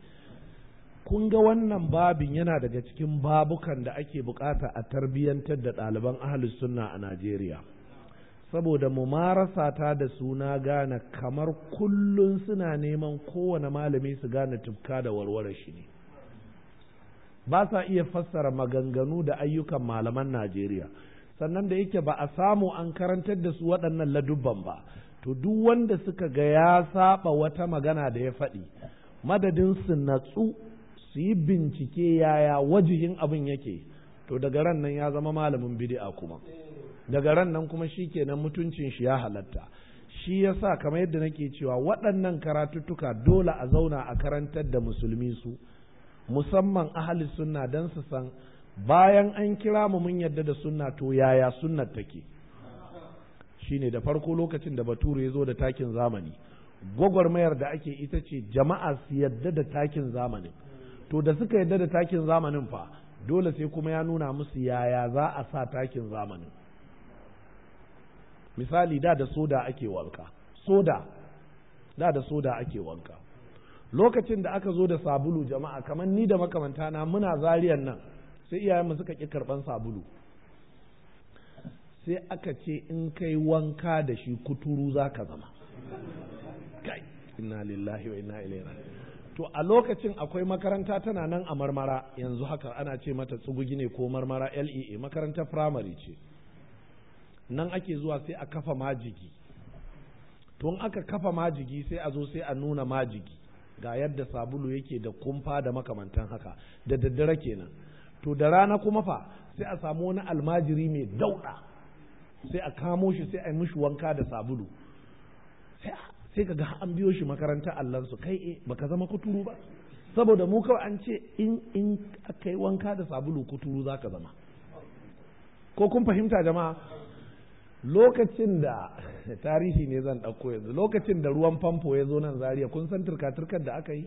kun ga wannan babin yana daga cikin babukan da ake bukata a tarbiyyantar da ɗaliban ahalus sunna a Najeriya saboda mu marasa ta da suna gane kamar kullun suna neman kowane malami su gane tufka da warware shi ne ba sa iya fassara maganganu da ayyukan malaman Najeriya sannan da yake ba a samu an karantar da su waɗannan ladubban ba to duk wanda suka ga ya saba wata magana da ya faɗi madadin su natsu su yi bincike yaya wajihin abin yake to daga ran nan ya zama malamin bid'a kuma daga ran nan kuma shi kenan mutuncin shi ya halatta shi yasa kamar yadda nake cewa waɗannan karatuttuka dole a zauna a karantar da musulmi su musamman ahli sunna don su san bayan an kira mu mun yadda da sunna to yaya sunnar take shine da farko lokacin da bature ya zo da takin zamani gwagwarmayar da ake ita ce jama'a su yadda da takin zamanin to da suka yadda da takin zamanin fa dole sai kuma ya nuna musu yaya za a sa takin zamanin misali da da soda ake wanka soda da da soda ake wanka lokacin da aka zo da sabulu jama'a kamar ni da makamanta na muna zariyan nan sai mu suka ƙi karɓan sabulu sai aka ce in kai wanka da shi kuturu za ka zama kai inna lillahi wa inna ilaihi to a lokacin akwai makaranta tana nan a marmara yanzu haka ana ce mata tsugugi ne ko marmara LEA makarantar firamare ce nan ake zuwa sai a kafa majigi tun aka kafa majigi sai a zo sai a nuna majigi ga yadda sabulu yake da kumfa da makamantan haka da daddare kenan to da rana kuma fa sai a samu wani almajiri mai dauɗa sai a kamo shi sai a yi mishi wanka da sabulu sai ka ga an biyo shi makaranta allansu kai e eh, baka zama kuturu ba saboda mu kawai an ce in in aka yi wanka da sabulu kuturu za ka zama ko kun fahimta jama'a lokacin da tarihi ne zan ɗauko yanzu lokacin da ruwan famfo ya zo nan zaria kun san turka-turkar da aka yi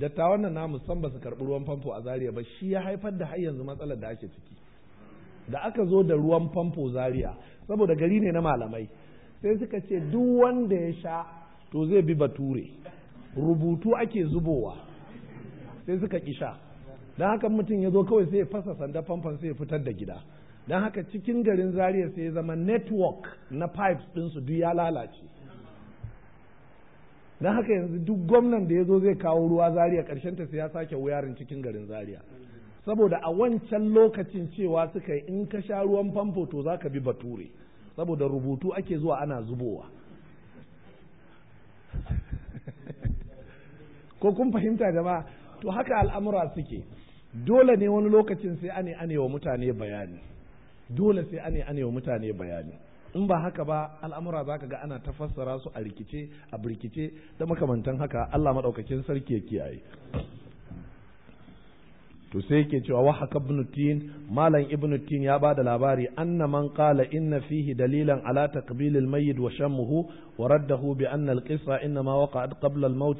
dattawan nan na ba su karɓi ruwan famfo a zaria ba shi ya haifar da har yanzu matsalar da ake ciki da aka zo da ruwan famfo zaria saboda gari ne na malamai sai suka ce duk wanda ya sha to zai bi bature rubutu ake zubowa sai suka ƙi sha don haka mutum ya zo kawai sai ya fasa sanda famfon sai ya fitar da gida don haka cikin garin zariya sai ya zama network na pipes ɗinsu duk ya lalace don haka yanzu duk gwamnan da ya zo zai kawo ruwa zariya ƙarshen ta sai ya sake wuyarin cikin garin zaria saboda a wancan lokacin cewa suka yi in ka sha ruwan famfo to za ka bi bature saboda rubutu ake zuwa ana zubowa ko kun fahimta jama'a to haka al'amura suke dole ne wani lokacin sai ane ane wa mutane bayani dole sai ane ane wa mutane bayani in ba haka ba al'amura za ka ga ana ta fassara su a rikice a birkice da makamantan haka Allah maɗaukakin sarki ya kiyaye to sai yake cewa wa haka ibn tin malam ibn tin ya bada labari anna man qala inna fihi dalilan ala taqbil al mayyit wa shammuhu wa raddahu bi anna al inna ma waqa'at qabla al wa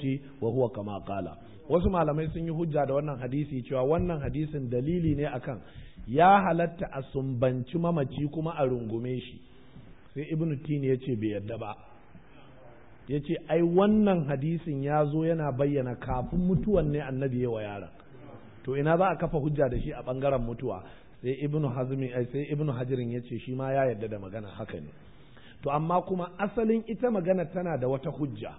huwa kama qala wasu malamai sun yi hujja da wannan hadisi cewa wannan hadisin dalili ne akan ya halatta a sumbanci mamaci kuma a rungume shi sai Ibn tini ya ce bai yarda ba ya ce ai wannan hadisin ya zo yana bayyana kafin mutuwan ne annabi wa yaron to ina za a kafa hujja da shi a bangaren mutuwa sai Ibn hazmi ai eh, sai ibn hajirin ya ce shi ma ya yarda da magana haka ne to amma kuma asalin ita magana tana da wata hujja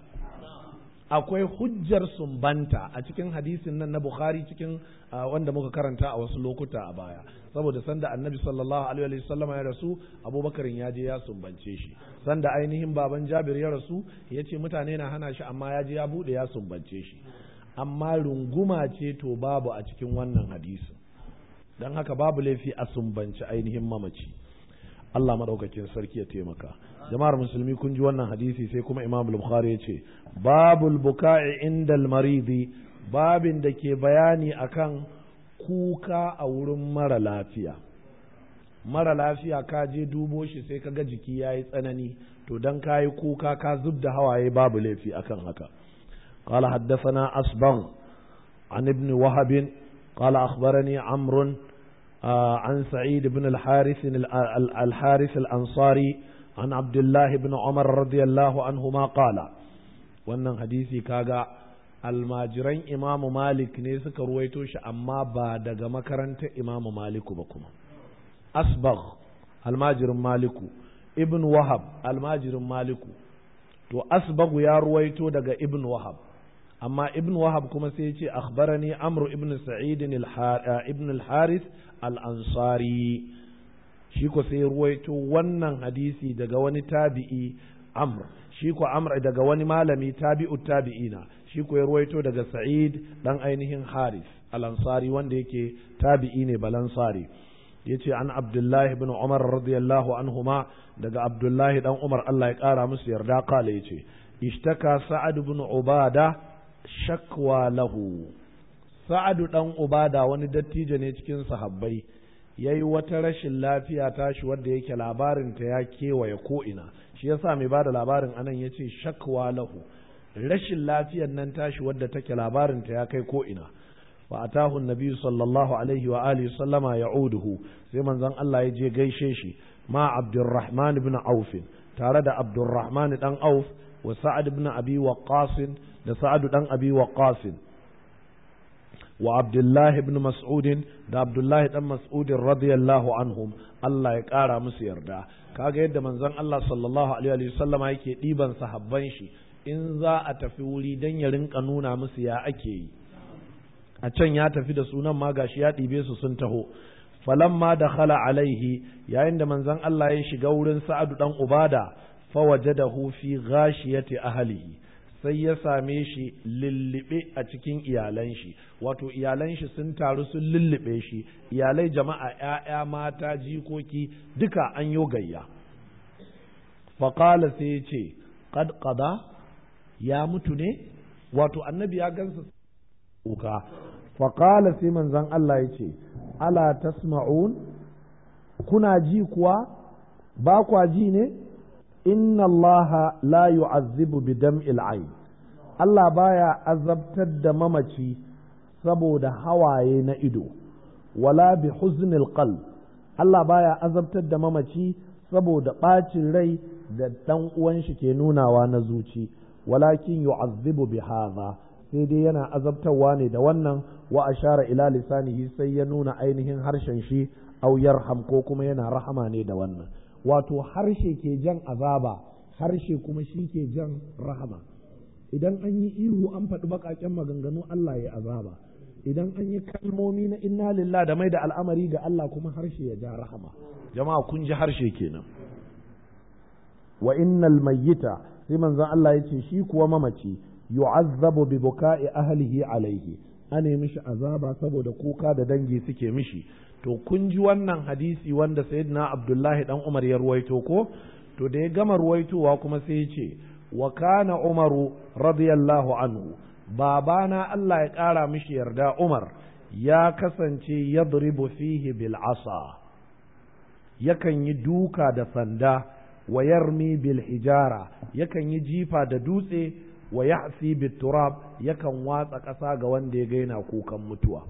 akwai hujjar sumbanta a cikin hadisin nan na bukhari cikin ah, wanda muka karanta a wasu lokuta a baya saboda sanda annabi sallallahu alaihi wa sallam ya rasu abubakar ya je ya sumbance shi sanda ainihin baban jabir ya rasu ya ce mutane na hana shi amma ya je ya bude ya sumbance shi amma runguma ce to babu a cikin wannan hadisin don haka babu laifi a sumbance ainihin mamaci Allah maɗaukakin sarki ya taimaka jama'ar musulmi kun ji wannan hadisi sai kuma imam bukhari ya ce babul buka'i indal maridi babin da ke bayani akan kuka a wurin mara lafiya mara lafiya ka je dubo shi sai ka ga jiki ya yi tsanani to dan ka yi kuka ka zub da hawaye babu laifi akan haka قال حدثنا أصبغ عن ابن وهب قال أخبرني عمرو عن سعيد بن الحارث الحارث الأنصاري an abdullahi ibn umar radiyallahu anhuma qala wannan hadisi kaga almajiran imamu malik ne suka ruwaito shi amma ba daga makarantar imamu maliku ba kuma asbagh almajirin maliku ibn wahab almajirin maliku to asbagh ya ruwaito daga ibn wahab amma ibn wahab kuma sai ce akhbarani amru ibn sa'id ibn al-harith al-ansari shi ko sai ruwaito wannan hadisi daga wani tabi'i amr shi ko amr daga wani malami tabi'u tabi'ina shi ko ya ruwaito daga sa'id dan ainihin haris al-ansari wanda yake tabi'i ne balansari yace an abdullahi ibn umar radiyallahu anhuma daga abdullahi dan umar Allah ya kara musu yarda kala yace ishtaka sa'ad ibn ubada shakwa lahu sa'ad dan ubada wani dattijo ne cikin sahabbai ya yi wata rashin lafiya tashi wadda yake labarinta ya kewaye ko'ina shi yasa mai ba da labarin anan ya ce shakwa lahu rashin lafiyar nan tashi wadda take labarinta ya kai ko'ina fa atahu nabi sallallahu alaihi wa alihi sallama ya uduhu sai manzon Allah ya je gaishe shi ma abdurrahman ibn auf tare da abdurrahman dan auf wa sa'ad ibn abi waqas da sa'ad dan abi waqas wa abdullahi ibn mas'udin da abdullahi dan mas'udin radiyallahu anhum Allah ya kara musu yarda kaga yadda manzon Allah sallallahu alaihi wa yake ɗiban sahabban shi in za a tafi wuri dan ya rinka nuna musu ya ake yi a can ya tafi da sunan ma gashi ya ɗibe su sun taho falamma dakhala alaihi yayin da manzon Allah ya shiga wurin Sa'adu dan Ubada fawajadahu fi ghashiyati ahlihi sai ya same shi lullube a cikin iyalan shi wato iyalan shi sun taru sun lullube shi iyalai jama'a ‘ya'ya mata jikoki duka an yi gayya faƙala sai ya ce ƙadƙada ya mutu ne wato annabi ya gansa kuka faƙala sai manzan Allah ya ce ala tasma'un kuna ji kuwa ba kwa ji ne inna Allah la yu'azzibu bi dam'il ayn Allah baya azabtar da mamaci saboda hawaye na ido wala bi huznil qalb Allah baya azabtar da mamaci saboda bacin rai da ɗan uwan shi ke nunawa na zuci walakin yu'azzibu bi hadha sai dai yana azabtarwa ne da wannan wa ashara ila lisanihi sai ya nuna ainihin harshen shi aw yarham ko kuma yana rahama ne da wannan wato harshe ke jan azaba harshe kuma shi ke jan rahama idan an yi ihu an faɗi baƙaƙen maganganu Allah ya azaba idan an yi kalmomi na inna lillah da mai da al'amari ga Allah kuma harshe ya ja rahama jama'a kun ji harshe kenan wa innal mayyita sai manzon Allah ya ce shi kuwa mamaci yu'azzabu bi buka'i ahlihi alaihi ane mishi azaba saboda kuka da dangi suke mishi to kun ji wannan hadisi wanda sayyidina abdullahi dan umar ya ruwaito ko to da ya gama ruwaitowa kuma sai ya ce wa kana umaru radiyallahu anhu babana Allah ya ƙara mishi yarda umar ya kasance yadribu fihi bil asa yakan yi duka da sanda wa yarmi bil hijara yakan yi jifa da dutse wa ya'si bit turab yakan watsa ƙasa ga wanda ya gaina kukan mutuwa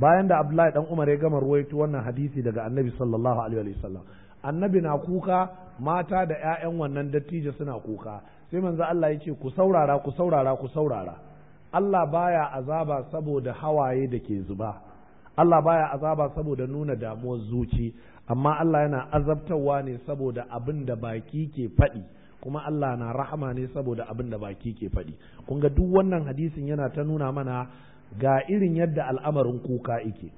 bayan da abdullahi dan umar ya gama ruwaito wannan hadisi daga annabi sallallahu alaihi wa sallam annabi na kuka mata da ƴaƴan wannan dattijo suna kuka sai manzo Allah ya ce ku saurara ku saurara ku saurara Allah baya azaba saboda hawaye da ke zuba Allah baya azaba saboda nuna damuwar zuci amma Allah yana azabtarwa ne saboda abin da baki ke faɗi kuma Allah na rahama ne saboda abin da baki ke faɗi kun ga duk wannan hadisin yana ta nuna mana ga irin yadda al'amarin kuka yake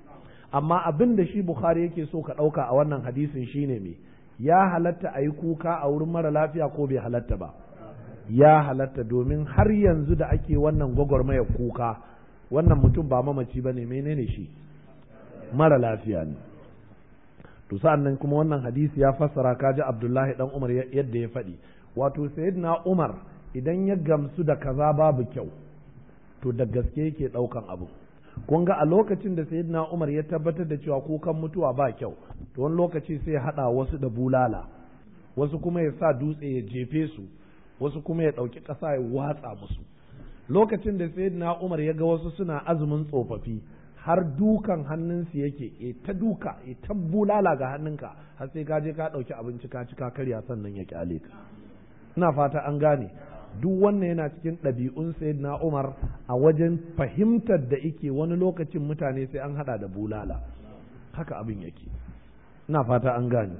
amma abin da shi bukhari yake so ka ɗauka a wannan hadisin shine me ya halatta a yi kuka a wurin mara lafiya ko bai halatta ba ya halatta domin har yanzu da ake wannan gwagwarmayar kuka wannan mutum ba mamaci ba ne menene shi mara lafiya ne to sa'an nan kuma wannan hadisi ya fassara kaji abdullahi dan umar yadda ya faɗi wato sayyidina umar idan ya gamsu da kaza babu kyau to da gaske yake ɗaukan abu kun ga a lokacin da sayyidina Umar ya tabbatar da cewa kukan mutuwa ba kyau to wani lokaci sai ya haɗa wasu da bulala wasu kuma ya sa dutse ya jefe su wasu kuma ya ɗauki ƙasa ya watsa musu lokacin da sayyidina Umar ya ga wasu suna azumin tsofaffi har dukan hannunsu yake e ta duka e ta bulala ga hannunka har sai ka je ka ɗauki abinci ka ci ka karya sannan ya kyale ka ina fata an gane duk wannan yana cikin ɗabi'un sayyidina Umar a wajen fahimtar da ike wani lokacin mutane sai an hada da bulala haka abin yake ina fata an gane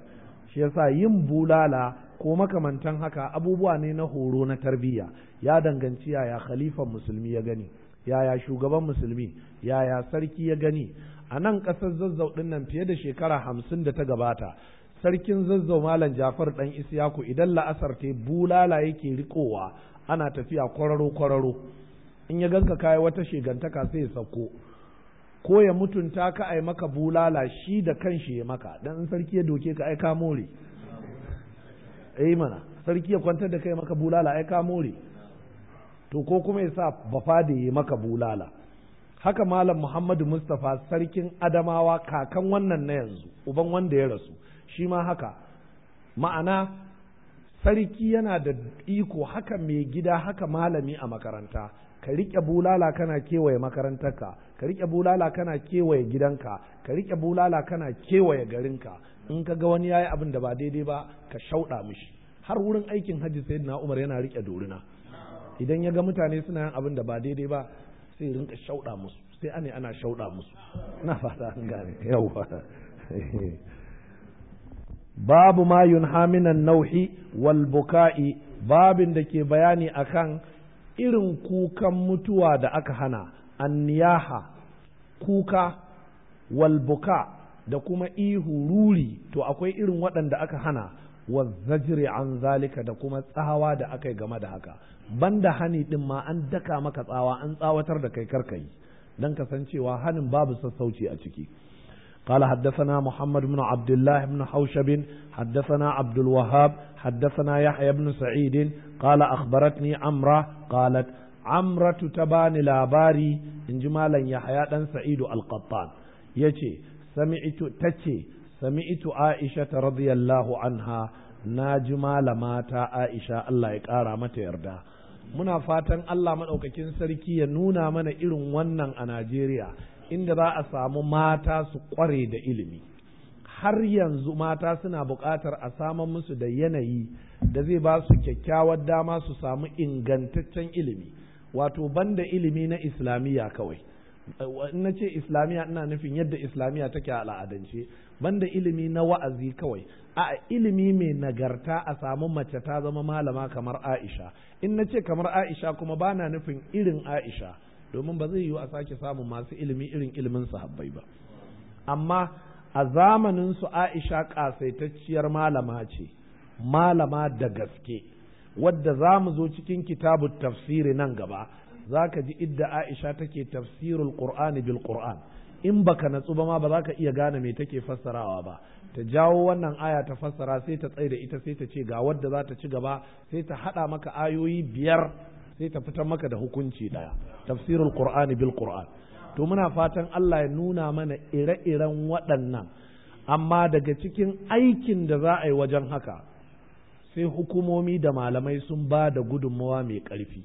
shi yasa yin bulala ko makamantan haka abubuwa ne na horo na tarbiyya ya danganci yaya khalifan musulmi ya gani yaya shugaban musulmi yaya sarki ya gani a nan ƙasar zazzau ɗin nan fiye da shekara hamsin da ta gabata sarkin zazzau malam jafar ɗan isyaku idan la'asar ta bulala yake rikowa ana tafiya kwararo kwararo in ya ganka kayi wata shegantaka sai ya sauko ko ya mutunta ka ai maka bulala shi da kanshi ya maka dan in sarki ya doke ka ai ka more eh mana sarki ya kwantar da kai maka bulala ai ka more to ko kuma ya sa da ya maka bulala haka malam muhammadu mustapha sarkin adamawa kakan wannan na yanzu uban wanda ya rasu shi ma haka ma'ana sarki yana da iko haka mai gida haka malami a makaranta ka riƙe bulala kana kewaye makarantarka ka riƙe bulala kana kewaye gidanka ka riƙe bulala kana kewaye garinka in ka ga wani yayi abin da ba daidai ba ka shauɗa mishi har wurin aikin hajji na umar yana riƙe dorina idan ya ga mutane suna yin abin da ba daidai ba sai rinka shauɗa musu sai ane ana shauɗa musu na fata an gane yawwa babu ma yun haminan nauhi wal buka'i babin da ke bayani akan irin kukan mutuwa da aka hana anniyaha kuka wal buka da kuma ihururi to akwai irin waɗanda aka hana wa zajiri an zalika da kuma tsawa da aka yi game da haka banda hani din ma an daka maka tsawa an tsawatar da kai karkai don kasancewa hanin babu sassauci a ciki قال حدثنا محمد بن عبد الله بن حوشب حدثنا عبد الوهاب حدثنا يحيى بن سعيد قال أخبرتني عمرة قالت عمرة تباني لاباري إن جمالا يحيى بن سعيد القطان يتي سمعت تتي سمعت عائشة رضي الله عنها ناجما لماتا عائشة الله يقارى متى يرضى muna fatan Allah maɗaukakin sarki ya nuna mana irin wannan a Najeriya inda za a samu mata su kware da ilimi har yanzu mata suna buƙatar a saman musu da yanayi da zai ba su kyakkyawar dama su samu ingantaccen ilimi wato banda ilimi na islamiyya kawai na ce islamiyya ina nufin yadda islamiyya take al'adance banda ilimi na wa'azi kawai a ilimi mai nagarta a samu mace ta zama malama kamar aisha in na ce kamar aisha kuma bana nufin irin aisha domin ba zai yiwu a sake samun masu ilimi irin ilimin sahabbai ba amma a zamanin su Aisha kasaitacciyar malama ce malama da gaske wadda za mu zo cikin kitabu tafsiri nan gaba za ka ji idda Aisha take tafsirul Qur'ani bil Qur'an in baka natsu ba ma ba za ka iya gane me take fassarawa ba ta jawo wannan aya ta fassara sai ta tsaye da ita sai ta ce ga wadda za ta ci gaba sai ta haɗa maka ayoyi biyar sai ta fitar maka da hukunci daya tafsirul qur'ani bil qur'an to muna fatan Allah ya nuna mana ire-iren waɗannan amma daga cikin aikin da za a yi wajen haka sai hukumomi da malamai sun ba da gudunmawa mai ƙarfi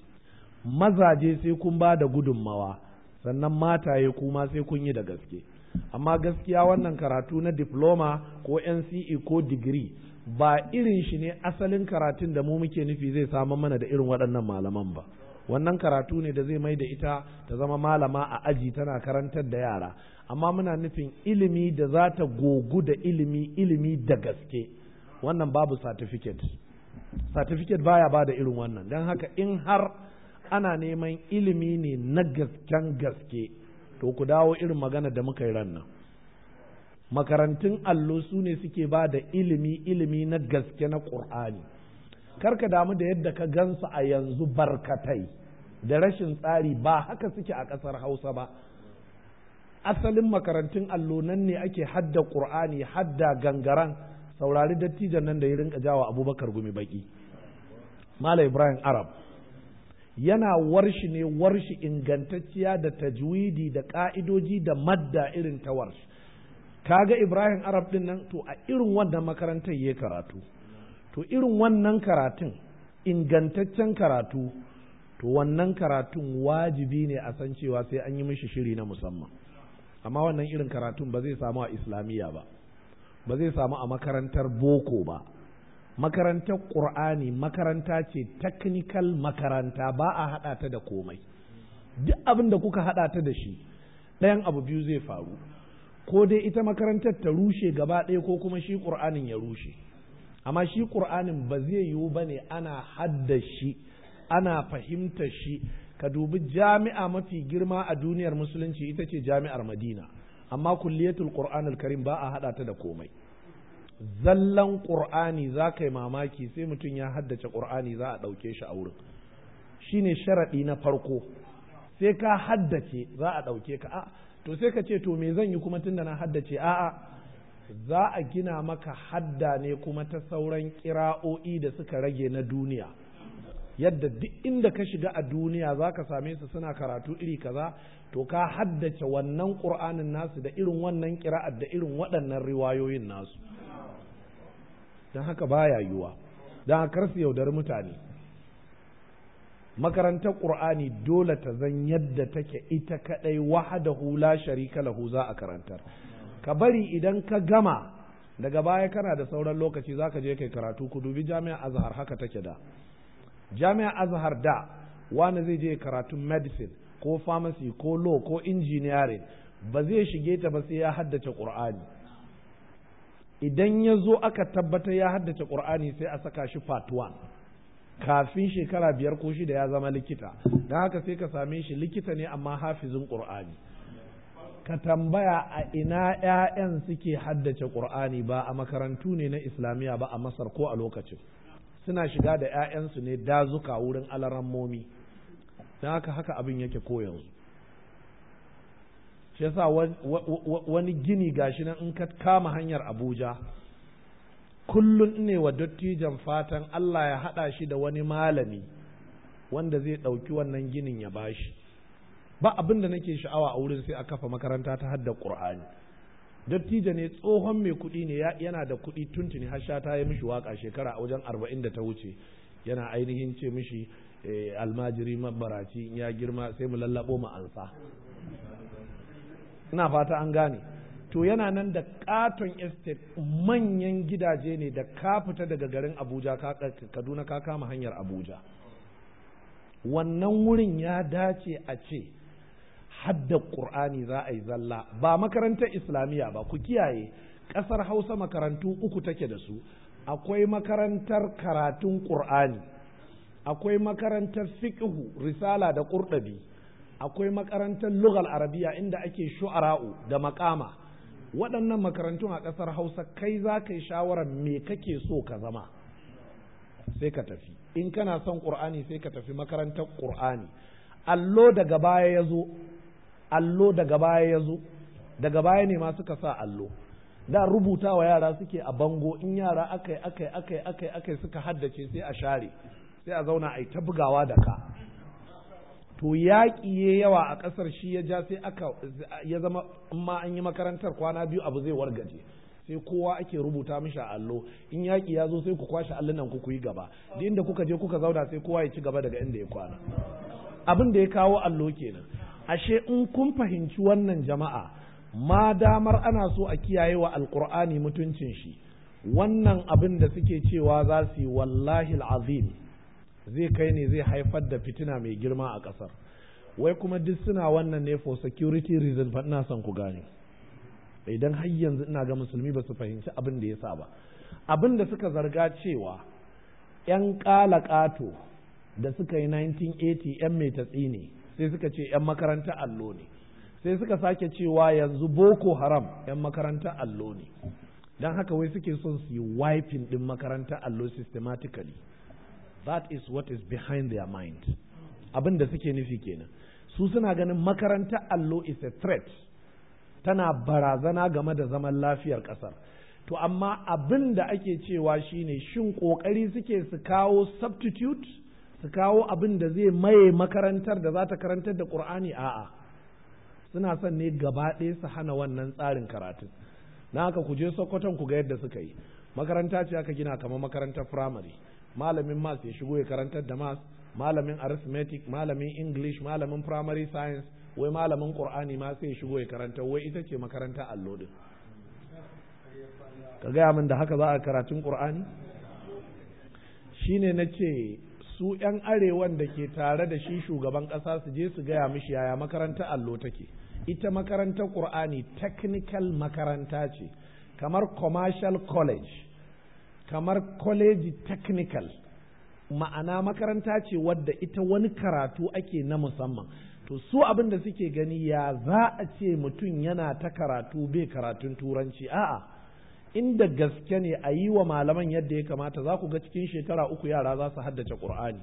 mazaje sai kun ba da gudunmawa sannan mataye kuma sai kun yi da gaske amma gaskiya wannan karatu na diploma ko nce ko digiri ba irin shi ne asalin karatun da mu muke nufi zai samar mana da irin waɗannan malaman ba wannan karatu ne da zai mai da ita ta zama malama a aji tana karantar da yara amma muna nufin ilimi da za ta gogu da ilimi ilimi da gaske wannan babu certificate certificate baya bada irin wannan don haka in har ana neman ilimi ne na gasken gaske to ku dawo irin magana da muka yi ran nan makarantun allo su ne suke ba da ilimi ilimi na gaske na ƙur'ani karka damu da yadda ka gansu a yanzu barkatai da rashin tsari ba haka suke a ƙasar hausa ba asalin makarantun allo nan ne ake hadda ƙur'ani hadda gangaran saurari dattijan nan da ya rinka jawa abubakar gumi baki mala ibrahim arab yana warshi ne warshi ingantacciya da tajwidi da ka'idoji da madda irin ta warshi Ka ga Ibrahim Arab din nan to a irin wannan makarantar ya karatu to irin wannan karatun ingantaccen karatu to wannan karatun wajibi ne a san cewa sai an yi mishi shiri na musamman amma wannan irin karatun ba zai samu a islamiyya ba ba zai samu a makarantar boko ba makarantar ƙur'ani makaranta ce technical makaranta ba a haɗa ta da komai duk abin da kuka haɗa ta da shi ɗayan abu biyu zai faru ko dai ita makarantar ta rushe gaba ɗaya ko kuma shi ƙur'anin ya rushe amma shi ƙur'anin ba zai yiwu ba ne ana hadda ana fahimtar shi ka dubi jami'a mafi girma a duniyar musulunci ita ce jami'ar madina amma kulliyatul ƙur'anul karim ba a haɗa ta da komai zallan ƙur'ani za ka yi mamaki sai mutum ya haddace ƙur'ani za a ɗauke shi a wurin shine sharaɗi na farko sai ka haddace za a ɗauke ka a to sai ka ce to me zan yi kuma tunda na haddace a'a za a gina maka hadda ne kuma ta sauran kira'o'i da suka rage na duniya yadda duk inda ka shiga a duniya za ka same su suna karatu iri kaza to ka haddace wannan ƙur'anin nasu da irin wannan kira'ar da irin waɗannan riwayoyin nasu don haka baya yiwuwa don haka su yaudar mutane makarantar ƙur'ani dole ta zan yadda take ita kaɗai wahada la sharika lahu za a karantar ka bari idan ka gama daga baya kana da sauran lokaci za ka je kai karatu ku dubi jami'a azhar haka take da jami'a azhar da wani zai je karatun medicine ko pharmacy ko law ko engineering ba zai shige ta ba sai ya haddace ƙur'ani idan ya zo aka tabbata ya haddace ƙur'ani sai a saka shi part kafin shekara biyar ko shida ya zama likita don haka sai ka same shi likita ne amma hafizin ƙur'ani ka tambaya a ina 'ya'yan suke haddace ƙur'ani ba a makarantu ne na islamiyya ba a masar ko a lokacin suna shiga da 'ya'yansu ne dazuka wurin momi. don haka haka abin yake ko yanzu shi yasa wani gini gashi nan in ka kama hanyar abuja kullum ne wa dattijan fatan Allah ya haɗa shi da wani malami wanda zai ɗauki wannan ginin ya bashi ba abin da nake sha'awa a wurin sai a kafa makaranta ta hadda Qur'ani dattijo ne tsohon mai kuɗi ne yana da kuɗi tuntuni har sha ta yi mishi waka shekara a wajen arba'in da ta wuce yana ainihin ce mishi eh, almajiri mabaraci ya girma sai mu lallaɓo mu alfa ina fata an gane to yana nan da katon estate manyan gidaje ne da ka fita daga garin abuja kaduna ka kama hanyar abuja wannan wurin ya dace a ce hadda ƙur'ani za a yi zalla ba makarantar islamiyya ba ku kiyaye ƙasar hausa makarantu uku take da su akwai makarantar karatun ƙur'ani akwai makarantar fiƙihu risala da ƙurɗabi akwai makarantar lugal arabiya inda ake shu'ara'u da makama waɗannan makarantun a ƙasar hausa kai za ka yi shawarar me kake so ka zama sai ka tafi in kana son ƙur'ani sai ka tafi makarantar ƙur'ani allo daga baya ya zo allo daga baya ya zo daga baya ne ma suka sa allo da rubuta wa yara suke a bango in yara akai akai akai akai suka haddace sai a share sai a zauna a yi ta bugawa da ka to yaƙi ya yawa a ƙasar shi ya ja sai aka ya zama an yi makarantar kwana biyu abu zai wargaje sai kowa ake rubuta mishi allo in yaƙi ya zo sai ku kwashe allunan ku yi gaba duk inda kuka je kuka zauna sai kowa ya ci gaba daga inda ya kwana abin da ya kawo allo kenan ashe in kun fahimci wannan jama'a ma damar ana so a kiyaye wa alqur'ani mutuncin shi wannan abin da suke cewa za su yi wallahi al'azim zai kai ne zai haifar da fitina mai girma a ƙasar wai kuma duk suna wannan ne for security reason fa ina son ku gane idan har yanzu ina ga musulmi ba su fahimci abin da ya sa ba abin da suka zarga cewa 'yan kato da suka yi 1980 'yan mai tatsi ne sai suka ce 'yan makaranta allo ne sai suka sake cewa yanzu boko haram 'yan makaranta allo ne don haka wai suke son su yi wifin ɗin makaranta allo systematically that is what is behind their mind abin da suke nufi kenan su suna ganin makarantar allo is a threat tana barazana game da zaman lafiyar kasar to amma abin da ake cewa shine shin kokari suke su kawo substitute su kawo abin da zai maye makarantar da za ta karantar da qur'ani a'a suna son ne gaba ɗaya su hana wannan tsarin karatun na haka ku je sokoton ku ga yadda suka yi makaranta ce aka gina kamar makarantar firamare malamin math ya shigo ya karantar da math malamin arithmetic malamin english malamin primary science wai malamin qur'ani ma sai ya shigo ya karanta wai ita ce makaranta allo din ka gaya min da haka za a karatun qur'ani shine na su 'yan arewan da ke tare da shi shugaban kasa su je su gaya mishi yaya makaranta allo take ita makarantar qur'ani technical makaranta ce kamar commercial college kamar kwaleji technical ma'ana makaranta ce wadda ita wani karatu ake na musamman to su abin da suke gani ya za a ce mutum yana ta karatu bai karatun turanci a'a inda gaske ne a yi wa malaman yadda ya kamata za ku ga cikin shekara uku yara za su haddace ƙur'ani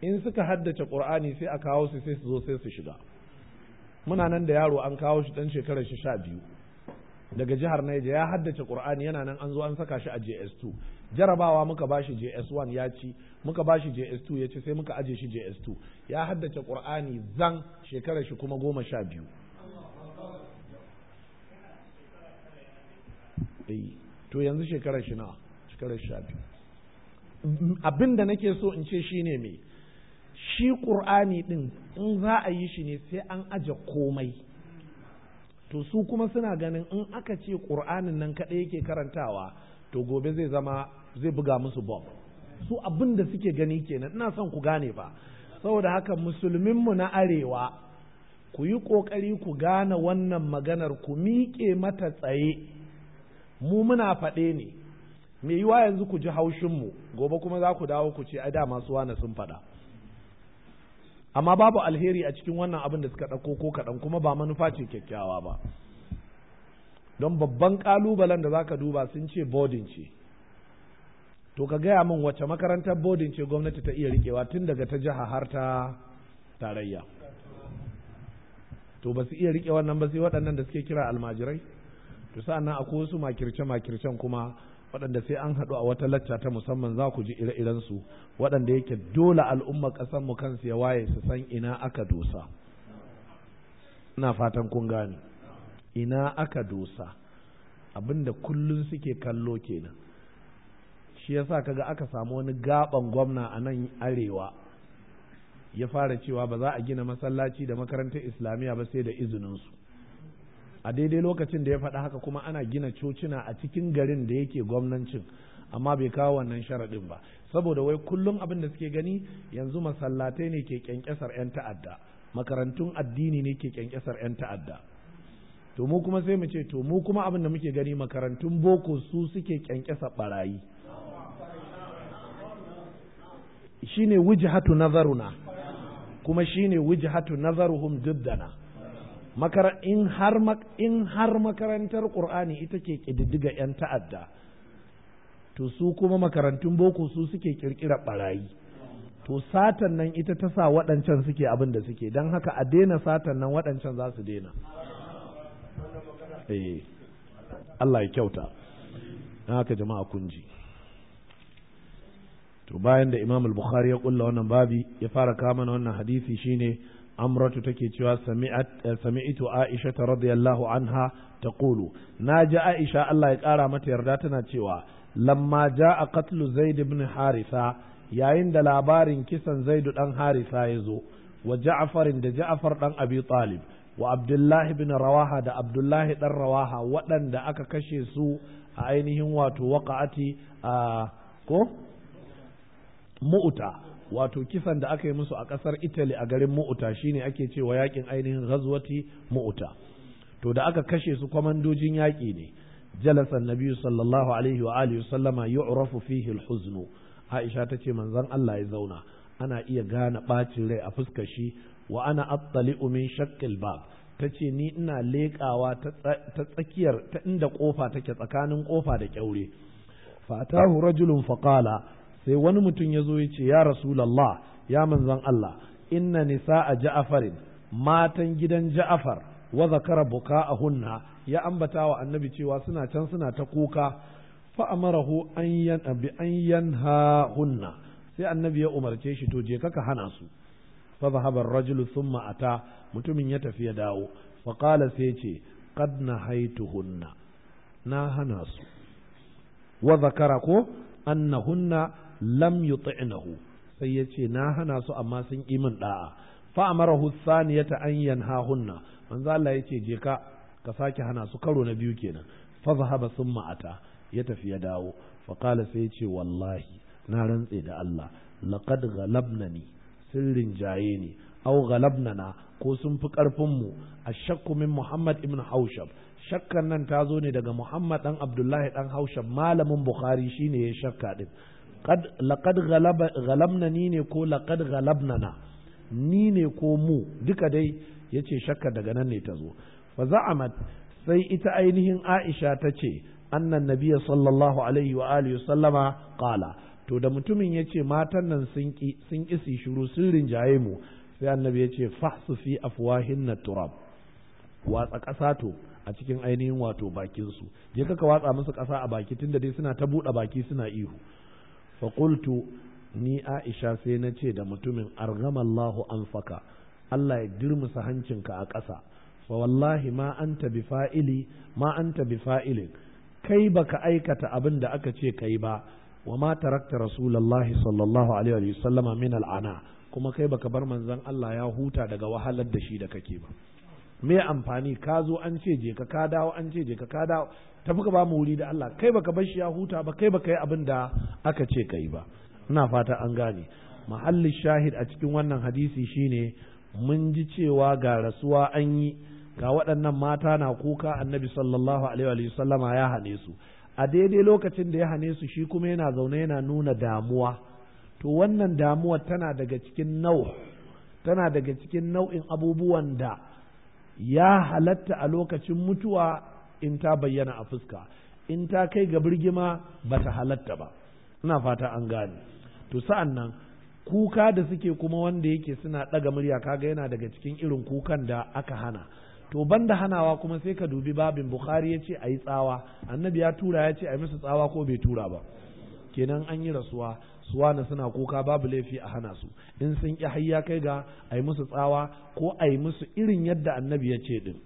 in suka haddace ƙur'ani sai a kawo su sai su zo sai su shiga muna nan da yaro an kawo shi dan shekarar shi sha biyu daga jihar Na'ija ya haddace ƙurani yana nan an zo an saka shi a JS2 jarabawa muka bashi JS1 ya ci muka bashi JS2 ya ci sai muka aje shi JS2 ya haddace Qur'ani zan shekarar shi kuma goma sha biyu eh, to yanzu shekarar shi na shekarar sha biyu abin da nake so in ce shi ne me shi Qur'ani din in za a yi shi ne sai an aje komai to su kuma suna ganin in aka ce Qur'anin nan kaɗai yake karantawa to gobe zai zama zai buga musu bomb su abin da suke gani kenan ina son ku gane ba saboda haka musulminmu na arewa ku yi ƙoƙari ku gane wannan maganar ku miƙe mata tsaye mu muna faɗe ne me yiwa yanzu ku ji haushinmu gobe kuma za ku dawo ku ce ai da masu wane sun faɗa amma babu alheri a cikin wannan abin da suka ɗauko ko kaɗan kuma ba manufa ce kyakkyawa ba don babban ƙalubalen da za ka duba sun ce bodin ce to ka gaya min wace makarantar bodin ce gwamnati ta iya rikewa tun daga ta jiha har ta tarayya to ba su iya rike wannan ba sai waɗannan da suke kira almajirai to sa'an nan akwai wasu makirce makircen kuma waɗanda sai an haɗu a wata lacca ta musamman za ku ji ire-iren su waɗanda yake dole al'umma ƙasar mu kansu ya waye su san ina aka dosa ina fatan kun gane ina aka dosa abinda kullum suke kallo kenan shi yasa kaga aka samu wani gaban gwamna a nan arewa ya fara cewa ba za a gina masallaci da makarantar islamiyya ba sai da izinin su. a daidai lokacin da ya faɗa haka kuma ana gina cocina a cikin garin da yake gwamnancin amma bai kawo wannan sharaɗin ba saboda wai kullum abin da suke gani yanzu masallatai ne ke kyankyasar 'yan ta'adda makarantun addini ne ke kyankyasar 'yan ta'adda to mu kuma sai mu ce to mu kuma abin da muke gani makarantun boko su suke kyankyasar barayi Shi ne wujhatu nazaruna kuma shi wujhatu nazaruhum diddana makara in har in har makarantar qur'ani ita ke kididdiga yan ta'adda to su kuma makarantun boko su suke kirkira barayi to satan nan ita ta sa waɗancan suke abin da suke don haka a daina satan nan waɗancan za su daina eh, Allah ya kyauta na haka jama'a kunji to bayan da Imam al-Bukhari ya kulla wannan babi ya fara kama na wannan hadisi shine Amratu take cewa sami'at eh, sami'tu Aisha radiyallahu anha taqulu ji Aisha Allah ya kara mata yarda tana cewa lamma ja'a qatlu Zaid ibn Haritha yayin da labarin kisan Zaid dan Haritha ya zo wa Ja'far da Ja'far dan Abi Talib wa Abdullahi bin Rawaha da Abdullahi dan Rawaha waɗanda aka kashe su a ainihin wato waqa'ati a ko mu'uta wato kisan da aka yi musu a ƙasar Italy a garin mu'uta shine ake cewa yakin ainihin ghazwati mu'uta to da aka kashe su kwamandojin yaƙi ne jalasa annabi sallallahu alaihi wa alihi sallama yu'rafu fihi al Aisha tace manzon Allah ya zauna ana iya gane bacin rai a fuskar shi wa ana attali'u min shaqqil bab tace ni ina leƙawa ta tsakiyar ta inda kofa take tsakanin kofa da kyaure fatahu rajulun faqala sai wani mutum ya zo ya ce ya rasulallah ya manzan Allah inna nisa a ja'afarin matan gidan ja'afar wa zakara hunna ya ambata wa annabi cewa suna can suna ta kuka fa amarahu an yan ha hunna sai annabi ya umarce shi to je kaka hana su fa zahaba rajulu thumma ata mutumin ya tafi ya dawo fa qala sai ce qad nahaituhunna na hana su wa zakara ko hunna. lam yuti'nahu sai ya ce na hana su amma sun yi min da'a fa amarahu ya an yanhahunna manzo Allah yace je ka ka sake hana su karo na biyu kenan fa zahaba summa ata ya tafi ya dawo fa qala sai ya ce wallahi na rantse da Allah laqad ghalabnani sirrin jaye ne au ghalabnana ko sun fi karfin mu ashakku min Muhammad ibn Haushab shakkan nan ta zo ne daga Muhammad dan Abdullahi dan Haushab malamin Bukhari shine ya shakka din laƙad ni ne ko laƙad na ni ne ko mu duka dai yace shakka daga nan ne ta zo fa za'amat sai ita ainihin aisha ta ce annan nabiya sallallahu alaihi wa alihi sallama qala to da mutumin ya ce matan nan sun ki sun kisi shiru sun rinjaye mu sai annabi ya ce fahsu fi afwahin na turab watsa ƙasa to a cikin ainihin wato bakinsu je kaka watsa musu ƙasa a baki tunda dai suna ta buɗe baki suna ihu faƙultu ni aisha sai na ce da mutumin argamallahu an Allah ya hancin ka a ƙasa fa wallahi ma anta bi fa'ili ma anta bi fa'ilin kai baka aikata abin da aka ce kai ba wa ma tarakta rasulullahi sallallahu alaihi wa sallama min al'ana kuma kai baka bar manzon Allah ya huta daga wahalar da shi da kake ba me amfani ka zo an ce je ka ka dawo an ce je ka ka dawo tafi ka ba mu wuri da Allah kai baka bar shi ya huta ba kai baka yi abin da aka ce ka yi ba ina fata an gane mahallin shahid a cikin wannan hadisi shine mun ji cewa ga rasuwa an yi ga waɗannan mata na kuka annabi sallallahu alaihi wa sallama ya hane su a daidai lokacin da ya hane su shi kuma yana zaune yana nuna damuwa to wannan damuwa tana daga cikin nau tana daga cikin nau'in abubuwan da ya halatta a lokacin mutuwa in ta bayyana a fuska in ta kai ga birgima ba ta halatta ba ina fata an gane to sa'an nan kuka da suke kuma wanda yake suna ɗaga murya kaga yana daga cikin irin kukan da aka hana to banda hanawa kuma sai ka dubi babin bukhari ya ce a yi tsawa annabi ya tura ya ce a yi musu tsawa ko bai tura ba kenan an yi rasuwa suwa na suna kuka babu laifi a hana su in sun ƙi hayya kai ga a yi musu tsawa ko a yi musu irin yadda annabi ya ce din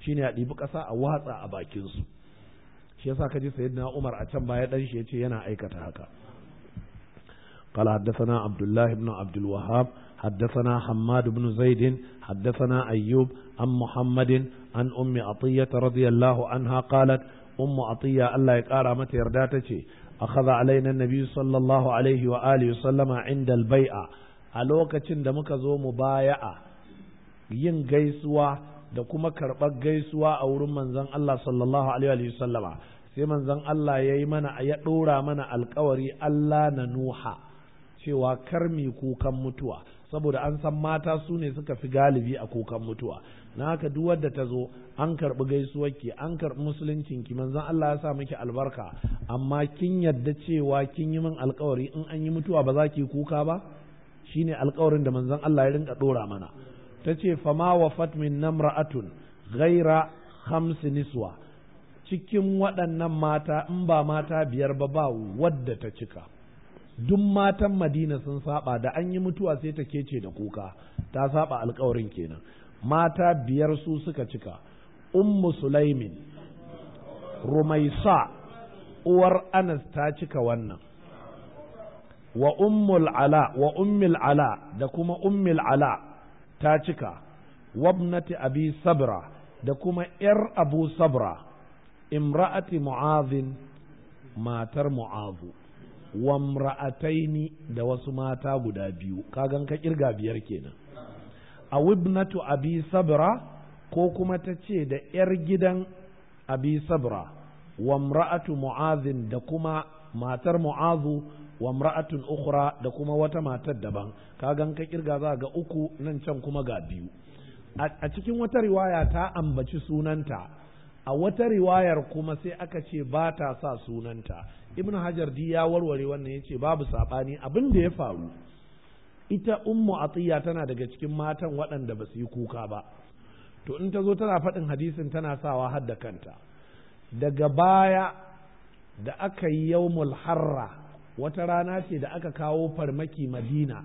shine a ɗibi ƙasa a watsa a bakin su shi yasa kaji sayyidina Umar a can baya dan shi yace yana aikata haka قال حدثنا عبد الله بن عبد الوهاب حدثنا حماد بن زيد حدثنا أيوب عن محمد عن أم عطية رضي الله عنها قالت أم عطية الله يقارى متى يرداتك أخذ علينا النبي صلى الله عليه وآله وسلم عند البيعة ألوكة دمك زو مبايعة yin gaisuwa da kuma karɓar gaisuwa a wurin manzon Allah sallallahu alaihi wa sallama sai manzon Allah ya yi mana ya ɗora mana alkawari Allah na nuha cewa kar mi kukan mutuwa saboda an san mata su ne suka fi galibi a kukan mutuwa na haka duk wadda ta zo an karɓi ki an karɓi ki manzon Allah ya sa miki albarka amma kin yadda cewa kin yi min alkawari in an yi mutuwa ba za ki kuka ba shine alkawarin da manzon Allah ya rinka ɗora mana ta ce fama wafat min namra'atun ghaira khamsi niswa cikin waɗannan mata in ba mata biyar ba ba wadda ta cika duk matan madina sun saba da an yi mutuwa sai ta kece da kuka ta saba alkawarin kenan mata biyar su suka cika ummu sulaimin rumaisa uwar anas ta cika wannan wa ummul ala wa ummil ala da kuma ummil ala ta cika wabnati abi sabra da kuma ‘yar abu sabra imra'ati mu'azin matar mu'azu wa da wasu mata guda biyu kagan ka kirga biyar kenan a wibnatu abi sabra ko kuma ta ce da ‘yar gidan abi sabra wa imra'atu mu'azin da kuma matar mu'azu wa mra'atun ukhra da kuma wata matar daban kagan ka kirga za ga uku nan can kuma ga biyu a cikin wata riwaya ta ambaci sunanta a wata riwayar kuma sai aka ce ba ta sa sunanta Ibn hajar di ya warware wannan ya ce, babu saɓani, abin da ya faru ita ummu atiya tana daga cikin matan waɗanda ba su yi kuka ba to in ta zo tana faɗin hadisin tana sawa har da kanta daga baya da aka yi yawmul harra wata rana ce da aka kawo farmaki madina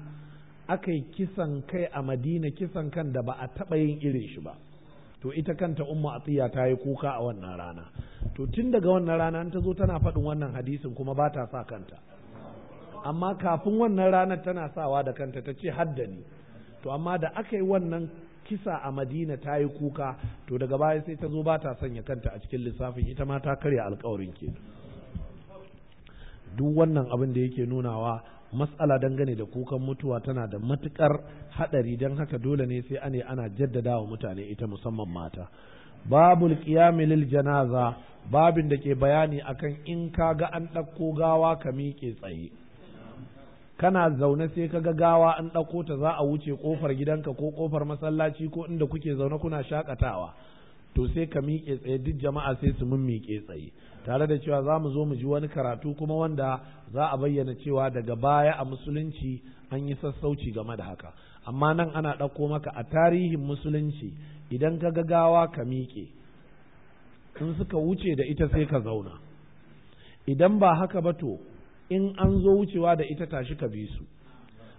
aka yi kisan kai a madina kisan kan da ba a taɓa yin irin shi ba to ita kanta umma atiya ta yi kuka a wannan rana to tun daga wannan rana ta zo tana faɗin wannan hadisin kuma ba ta sa kanta amma kafin wannan ranar tana sawa da kanta ta ce haddani to amma da aka yi wannan kisa a madina ta yi kuka to daga baya sai ta zo ba ta sanya kanta a cikin lissafin ita ma ta karya alkawarin ke duk wannan abin da yake nunawa matsala dangane da kukan mutuwa tana da matukar hadari don haka dole ne sai ane ana jaddada wa mutane ita musamman mata babul qiyam lil janaza babin da ke bayani akan in ka ga an ɗauko gawa ka miƙe tsaye kana zaune sai ka ga gawa an ɗauko ta za a wuce ƙofar gidanka ko ƙofar masallaci ko inda kuke zaune kuna shakatawa to sai ka miƙe tsaye duk jama'a sai su mun miƙe tsaye tare da cewa za mu zo mu ji wani karatu kuma wanda za a bayyana cewa daga baya a musulunci an yi sassauci game da haka amma nan ana ɗauko maka a tarihin musulunci idan ka gawa ka miƙe in suka wuce da ita sai ka zauna idan ba haka ba to in an zo wucewa da ita tashi ka bi su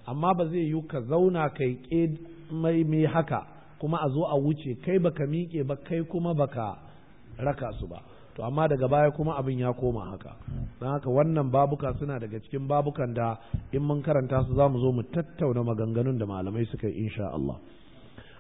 amma ba zai yiwu ka zauna kai ƙe mai mai haka kuma a zo a wuce kai baka miƙe ba kai kuma baka raka su ba to amma daga baya kuma abin ya koma haka don haka wannan babuka suna daga cikin babukan da in mun karanta su za mu zo mu tattauna maganganun da malamai suka yi insha Allah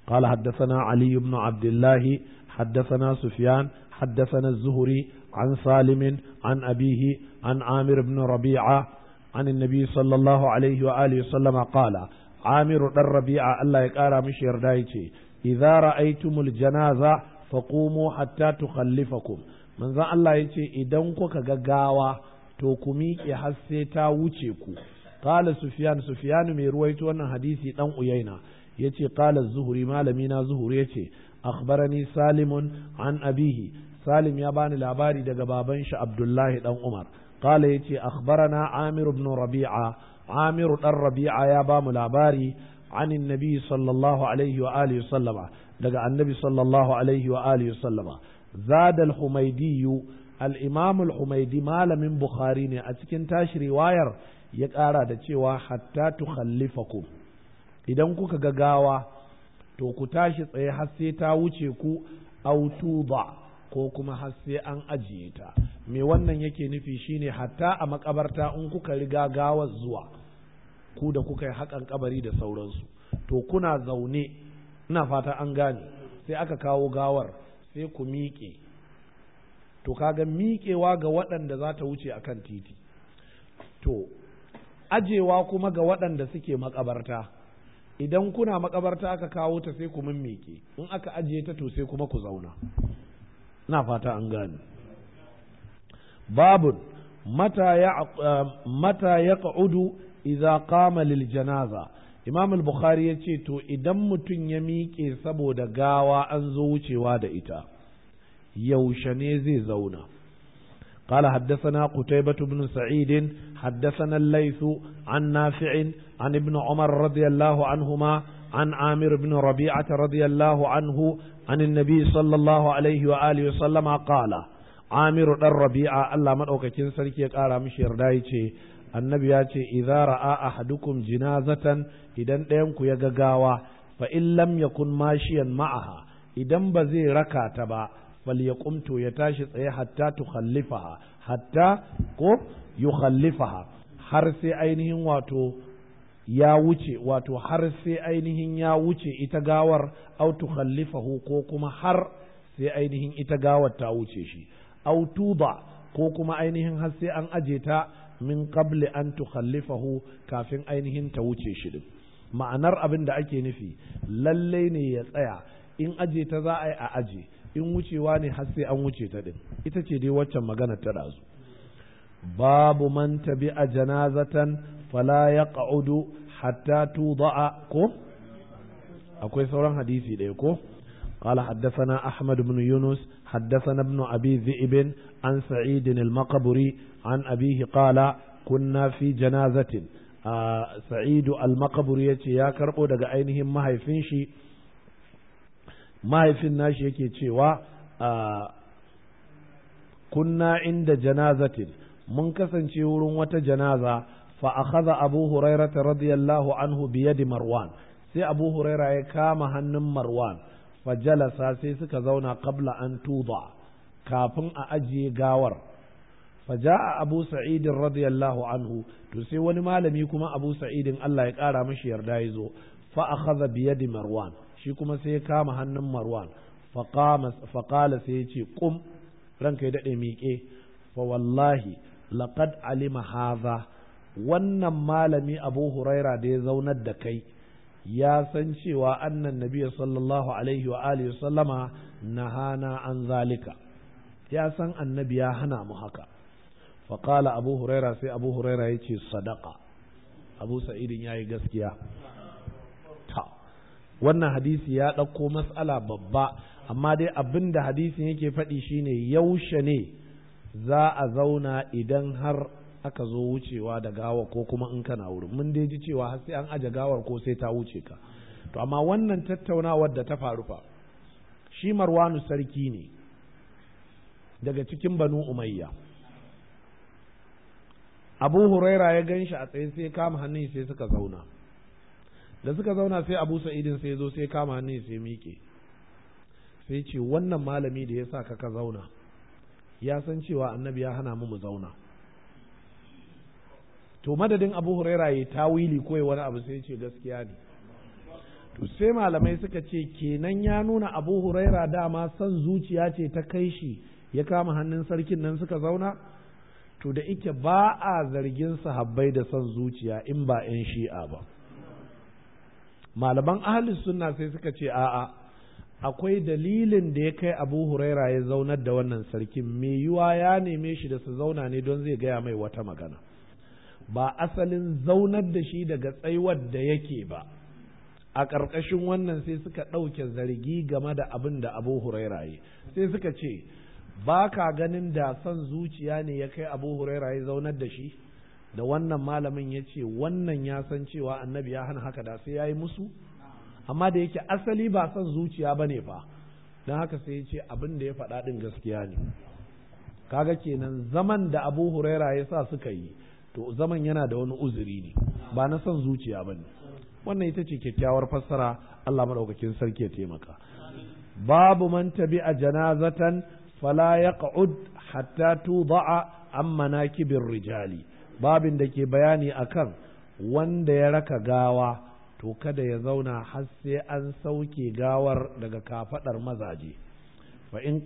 قال حدثنا علي بن عبد الله حدثنا سفيان حدثنا الزهري عن سالم عن أبيه عن عامر بن ربيعة عن النبي صلى الله عليه وآله وسلم قال عامر بن ربيعة الله يقارى مش يردايتي إذا رأيتم الجنازة فقوموا حتى تخلفكم manzon Allah ya ce idan kuka ga gawa to ku miƙe har sai ta wuce ku qala sufyan sufyan mai ruwaito wannan hadisi dan uyaina yace qala zuhuri malami na zuhuri yace akhbarani salimun an abihi salim ya bani labari daga baban shi abdullahi dan umar ya yace akhbarana amir ibn rabi'a amir dan rabi'a ya bamu labari عن النبي صلى الله عليه وآله وسلم daga annabi sallallahu alaihi wa sallama Zadal al al imamul al-humaidi malamin bukhari ne a cikin tashi riwayar ya ƙara da cewa hatta ku. idan kuka ga gawa to ku tashi tsaye har sai ta wuce ku autuba ko kuma har sai an ajiye ta me wannan yake nufi shine hatta a makabarta in kuka riga gawar zuwa ku da kuka yi haƙan kabari da sauransu to kuna zaune ina fata an gane sai aka kawo gawar sai ku miƙe to kaga miƙewa ga waɗanda za ta wuce a kan titi to ajewa kuma ga waɗanda suke makabarta idan kuna makabarta aka kawo ta sai ku miƙe in aka ajiye ta to sai kuma ku zauna na fata an gane babun mata ya eh, mata ya janaza imam al-bukhari ya ce to idan mutum ya miƙe saboda gawa an zo wucewa da ita yaushe ne zai zauna قال حدثنا قتيبة بن سعيد حدثنا الليث عن نافع عن ابن عمر رضي الله عنهما عن عامر بن ربيعة رضي الله عنه عن النبي صلى الله عليه وآله وسلم قال عامر بن ربيعة الله من أوكا كنسل كي قال مشير دايتي annabi ya ce idza ra'a ahadukum jinazatan idan ɗayan ku ya ga gawa fa in lam yakun mashiyan ma'aha idan ba zai raka ta ba falyaqum to ya tashi tsaye hatta tukhallifaha hatta ko yukhallifaha har sai ainihin wato ya wuce wato har sai ainihin ya wuce ita gawar au tukhallifahu ko kuma har sai ainihin ita gawar ta wuce shi aw tuba ko kuma ainihin har sai an aje ta min qabli an tukhallifahu kafin ainihin ta wuce shi din ma'anar abin da ake nufi lalle ne ya tsaya in aje ta za a yi a aje in wucewa ne har sai an wuce ta din ita ce dai waccan magana ta dazu babu man tabi'a janazatan fala yaq'udu hatta tuda'a ko akwai sauran hadisi ɗaya ko قال حدثنا أحمد بن يونس حدثنا ابن أبي ذئب عن سعيد المقبري an abihi qala kunna fi janazatin sa'idu al-maqbur yace ya karbo daga ainihin mahaifin shi mahaifin nashi yake cewa kunna inda janazatin mun kasance wurin wata janaza fa akhadha abu hurairata radiyallahu anhu biyadi marwan sai abu huraira ya kama hannun marwan fa jalasa sai suka zauna qabla an tuba kafin a ajiye gawar faja'a abu sa'idin radiyallahu anhu to sai wani malami kuma abu sa'idin Allah ya ƙara mashi yarda ya zo fa akhadha bi yadi marwan shi kuma sai ya kama hannun marwan fa qama fa qala ce qum ranka ya dade miƙe fa wallahi laqad alima hadha wannan malami abu huraira da ya zaunar da kai ya san cewa annan nabiya sallallahu alaihi wa alihi sallama nahana an zalika ya san annabi ya hana mu haka faƙala abu huraira sai abu huraira ya ce sadaka abu sa'idin ya yi gaskiya ta wannan hadisi ya ɗauko matsala babba amma dai abin da hadisin yake faɗi shine yaushe ne za a zauna idan har aka zo wucewa da gawa ko kuma in kana wurin mun dai ji cewa har sai an aje gawar ko sai ta wuce ka to amma wannan tattaunawar da ta faru fa shi marwanu sarki ne daga cikin banu umayya abu huraira ya ganshi a tsaye sai kama hannun sai suka zauna da suka zauna sai abu sa'idin sai zo sai kama hannun sai miƙe sai ce wannan malami da ya sa ka ka zauna ya san cewa annabi ya hana mu mu zauna to madadin abu huraira ya tawili ko wani abu sai ce gaskiya ne to sai malamai suka ce kenan ya nuna abu huraira dama son zuciya ce ta kai shi ya kama hannun sarkin nan suka zauna to da ike ba a zargin sahabbai da son zuciya in ba 'yan shi'a ba malaman ahli suna sai suka ce a'a akwai dalilin da ya kai abu huraira ya zaunar da wannan sarkin mai yiwa ya neme shi da su zauna ne don zai gaya mai wata magana ba asalin zaunar da shi daga tsaiwar da yake ba a ƙarƙashin wannan sai suka ɗauke zargi game da abin da abu huraira yi sai suka ce ba ka ganin da son zuciya ne ya kai abu huraira ya zaunar da shi da wannan malamin ya ce wannan ya san cewa annabi ya hana haka da sai ya yi musu amma da yake asali ba son zuciya ba ne ba, don haka sai ya ce abin da ya faɗa ɗin gaskiya ne kaga kenan zaman da abu huraira ya sa suka yi to zaman yana da wani uzuri ne ba na son zuciya ba ne wannan ita ce kyakkyawar fassara allah maɗaukakin sarki ya taimaka babu man tabi a janazatan fala ƙa'ud hatta tuda'a an manakibir rijali babin da ke bayani akan wanda ya raka gawa to kada ya zauna har sai an sauke gawar daga kafaɗar mazaje fa in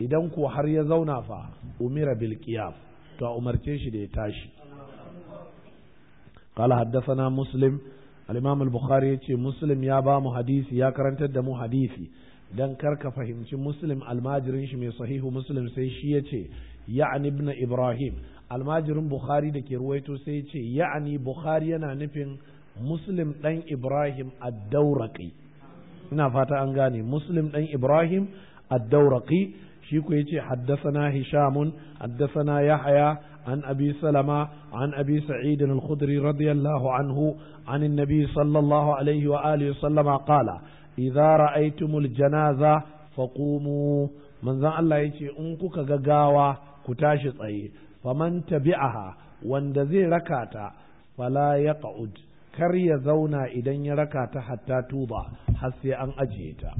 idan ko har ya zauna fa umira bil qiyam to umarce shi da ya tashi قال حدثنا Bukhari yace muslim ya ba mu hadisi, ya karantar da mu hadisi. dan karka fahimci muslim almajirin shi mai sahihu muslim sai shi ya ce ya'ani ibn ibrahim almajirin bukhari da ke ruwaito sai yace ce ya'ani bukhari yana nufin muslim dan ibrahim ad-dauraqi ina fata an gane muslim dan ibrahim ad-dauraqi shi ku yace haddathana hishamun haddathana yahya an abi salama an abi sa'id al-khudri radiyallahu anhu an an-nabi sallallahu alaihi wa alihi sallama qala idza ra'aytumul janaza faqumu Manzan Allah yace in kuka ga gawa ku tashi tsaye faman tabi'aha wanda zai rakata ta fala yaq'ud kar ya zauna idan ya rakata hatta tuba har sai an ajiye ta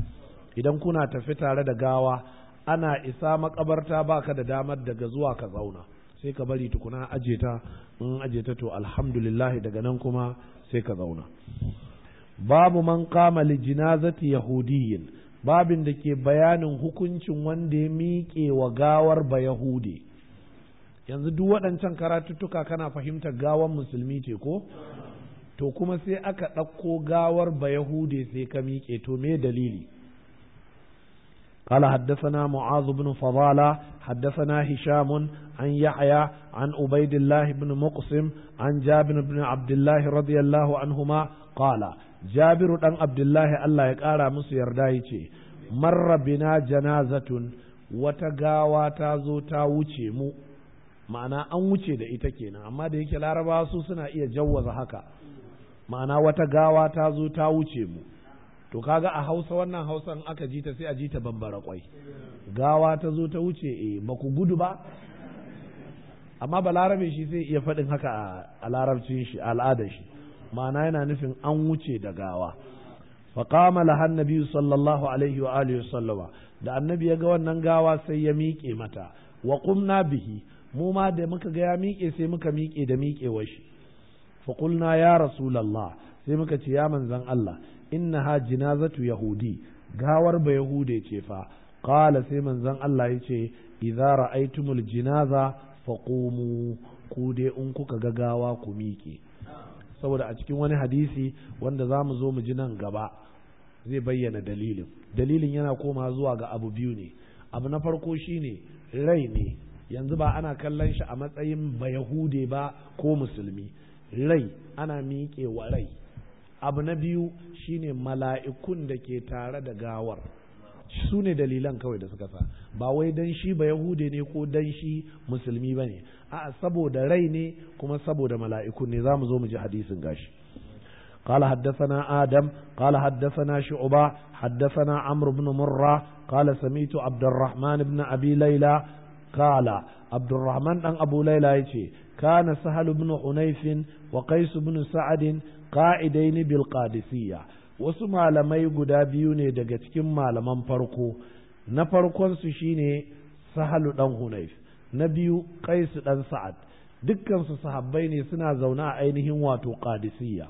idan kuna tafi tare da gawa ana isa makabarta baka da damar daga zuwa ka zauna sai ka bari tukuna ajiye ta in ajiye ta to alhamdulillah daga nan kuma sai ka zauna babu man kama li jinazati yahudiyin babin da ke bayanin hukuncin wanda ya miƙe wa gawar ba yahudi yanzu duk waɗancan karatuttuka kana fahimtar gawar musulmi ce ko to kuma sai aka ɗauko gawar ba yahudi sai ka miƙe to me dalili قال حدثنا معاذ بن فضالة حدثنا هشام عن يحيى عن عبيد الله بن مقسم عن جابر بن عبد الله رضي الله عنهما قال jabiru dan abdullahi Allah ya kara musu yarda ya ce marrabina janazatun wata gawa ta zo ta wuce mu ma'ana an wuce da ita kenan amma da yake larabawa su suna iya jawwaza haka ma'ana wata gawa ta zo ta wuce mu to kaga a hausa wannan Hausa hausan aka ji ta sai a ji ta bambara kwai gawa ta zo ta wuce eh ba ku gudu ba amma balarabe shi sai iya faɗin haka a larabcin shi al'adar shi ma'ana yana nufin an wuce da gawa faƙama lahan nabi sallallahu alaihi wa alihi sallama da annabi ya ga wannan gawa sai ya miƙe mata wa qumna bihi mu ma da muka ga ya miƙe sai muka miƙe da miƙe shi fa qulna ya rasulullah sai muka ce ya manzon Allah innaha jinazatu yahudi gawar ba yahude ce fa qala sai manzon Allah ya ce idza ra'aytumul jinaza faqumu ku dai in kuka ga gawa ku miƙe saboda a cikin wani hadisi wanda za mu zo mu ji nan gaba zai bayyana dalilin dalilin yana koma zuwa ga abu biyu ne abu na farko shine rai ne yanzu ba ana kallon shi a matsayin ba yahude ba ko musulmi rai ana miƙe wa rai abu na biyu shine mala'ikun da ke tare da gawar su ne dalilan kawai da suka sa ba wai dan shi ba yahude ne ko dan shi musulmi ba ne a saboda rai ne kuma saboda mala'iku ne za mu zo mu ji hadisin gashi قال حدثنا آدم قال حدثنا شعبة حدثنا عمرو بن مرة قال سميت عبد الرحمن بن أبي ليلى قال عبد الرحمن بن أبو ليلى يتي كان سهل بن حنيف وقيس بن سعد قائدين بالقادسية wasu malamai guda biyu ne daga cikin malaman farko na farkonsu shine sahalu dan hunayf na biyu qais dan sa'ad dukkansu sahabbai ne suna zaune a ainihin wato qadisiyya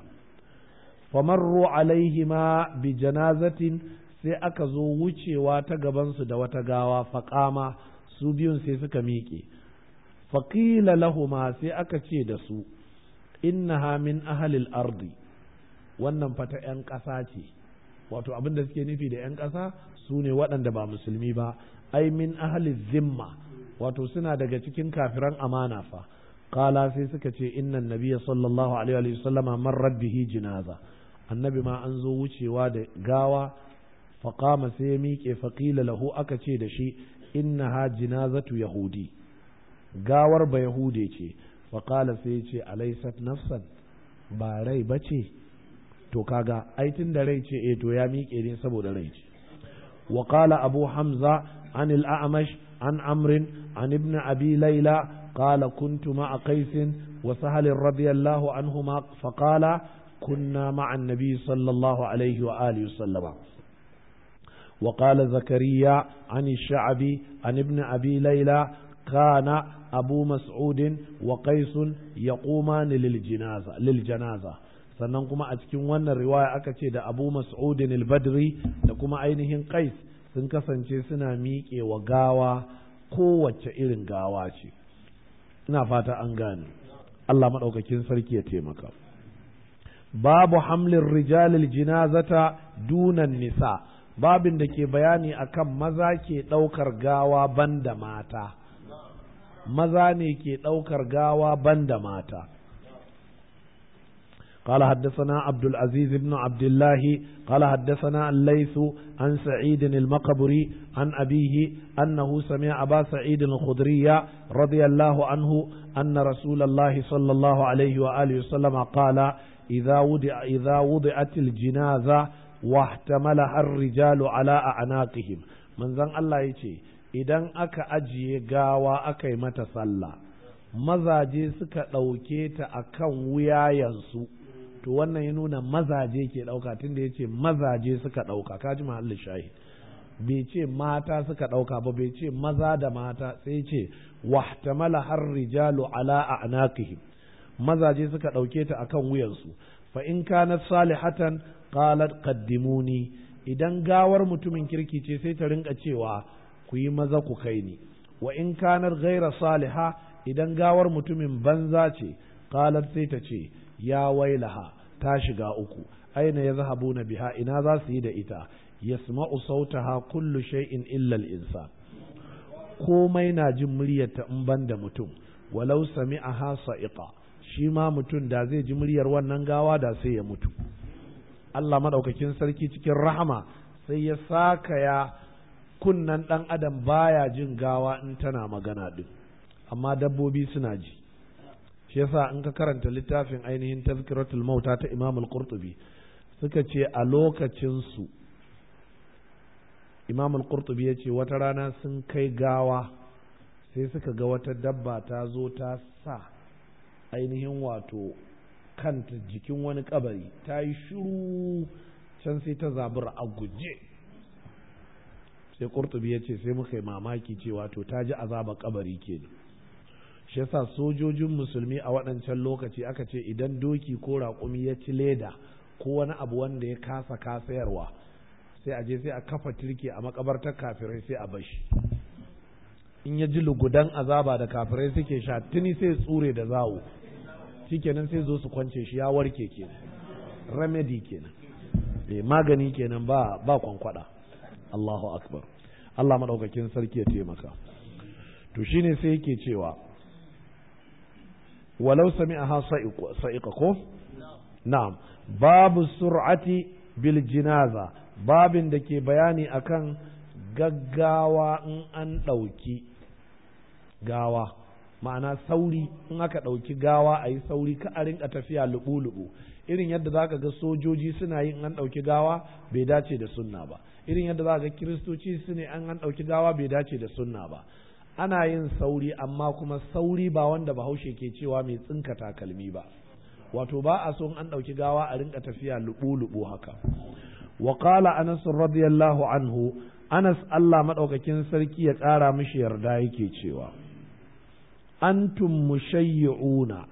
famarru alaihima bi janazatin sai aka zo wucewa ta gabansu da wata gawa faƙama su biyun sai suka miƙe faƙila lahuma sai aka ce da su innaha min ahalil ardi wannan fata 'yan ƙasa ce wato abin da suke nufi da 'yan ƙasa su ne waɗanda ba musulmi ba ai min ahli zimma wato suna daga cikin kafiran amana fa qala sai suka ce innan nabiyya sallallahu alaihi wa sallama marra bihi jinaza annabi ma an zo wucewa da gawa Faƙama sai ya miƙe faqila lahu aka ce da shi ha jinazatu yahudi gawar ba yahude ce Faƙala sai ya ce alaysat nafsan ba rai bace to kaga ai tun da rai ce eh to ya miƙe ne saboda rai ce wa qala abu hamza an al-a'mash an amrin an ibn abi layla qala kuntu ma'a qais wa sahal radiyallahu anhuma fa qala kunna ma'a an-nabi sallallahu alayhi wa alihi wa sallama وقال زكريا عن الشعبي عن ابن أبي ليلى كان أبو مسعود وقيس يقومان للجنازة للجنازة sannan kuma a cikin wannan riwaya aka ce da abu mas'udin al-badri da kuma ainihin qais sun kasance suna miƙe wa gawa kowace irin gawa ce ina fata an gane Allah maɗaukakin sarki ya taimaka babu hamlin rijalil jinazata dunan nisa babin da ke bayani akan maza ke ɗaukar gawa banda mata maza ne ke ɗaukar gawa banda mata قال حدثنا عبد العزيز بن عبد الله قال حدثنا الليث عن سعيد المقبري عن أبيه أنه سمع أبا سعيد الخدري رضي الله عنه أن رسول الله صلى الله عليه وآله وسلم قال إذا, وضع إذا وضعت الجنازة واحتملها الرجال على أعناقهم من ذن الله يتي إذا أكا أجي قاوى أكا متسلى mazaje suka ɗauke ta a kan wuyayensu to wannan ya nuna mazaje ke ɗauka tunda ya ce mazaje suka ɗauka ka ji mahallin shahid bai ce mata suka ɗauka ba bai ce maza da mata sai ce wahtamala har rijalu ala a'naqihim mazaje suka ɗauke ta akan wuyansu fa in kanat salihatan qalat qaddimuni idan gawar mutumin kirki ce sai ta rinka cewa ku yi maza ku kai ni wa in kanat ghaira saliha idan gawar mutumin banza ce qalat sai ta ce ya wailaha ta shiga uku aina ya zahabu na biha ina za su yi da ita yasma'u sautaha kullu shay'in illa al-insan komai na jin muryar ta in banda mutum walau sami'aha sa'iqa shi ma mutum da zai ji muryar wannan gawa da sai ya mutu Allah madaukakin sarki cikin rahama sai ya saka ya kunnan dan adam baya jin gawa in tana magana din amma dabbobi suna ji shi yasa in ka karanta littafin ainihin tazkiratul mauta ta Imam al-Qurtubi suka ce a lokacin su Imam al-Qurtubi yace wata rana sun kai gawa sai suka ga wata dabba ta zo ta sa ainihin wato kanta jikin wani kabari ta yi shiru can sai ta zabura a guje sai ƙurtubi ya ce sai muka yi mamaki cewa to ta ji azaba kabari kenan shi yasa sojojin musulmi a waɗancan lokaci aka ce idan doki ko raƙumi ya ci leda ko wani abu wanda ya kasa kasayarwa sai a je sai a kafa turke a makabartar kafirai sai a bashi in ya ji lugudan azaba da kafirai suke sha tuni sai tsure da zawo shikenan sai zo su kwance shi ya warke kenan remedy kenan eh magani kenan ba ba kwankwada Allahu akbar Allah madaukakin sarki ya taimaka to shine sai yake cewa Walausami sami'aha sa'iqa ko na'am babu sur'ati Biljinaza, jinaza babin da ke bayani akan gaggawa in an ɗauki gawa ma'ana sauri in aka ɗauki gawa a yi sauri ka a rinka tafiya lubu-lubu irin yadda za ka ga sojoji suna yin an ɗauki gawa bai dace da sunna ba irin yadda za ka ga kiristoci su ne an an ɗauki gawa bai dace da sunna ba ana yin sauri amma kuma sauri ba wanda bahaushe ke cewa mai tsinka takalmi ba wato ba a son an ɗauki gawa a rinka tafiya lubu-lubu haka wa qala anas radiyallahu anhu anas Allah maɗaukakin sarki ya ƙara mishi yarda yake cewa antum mushayyi'una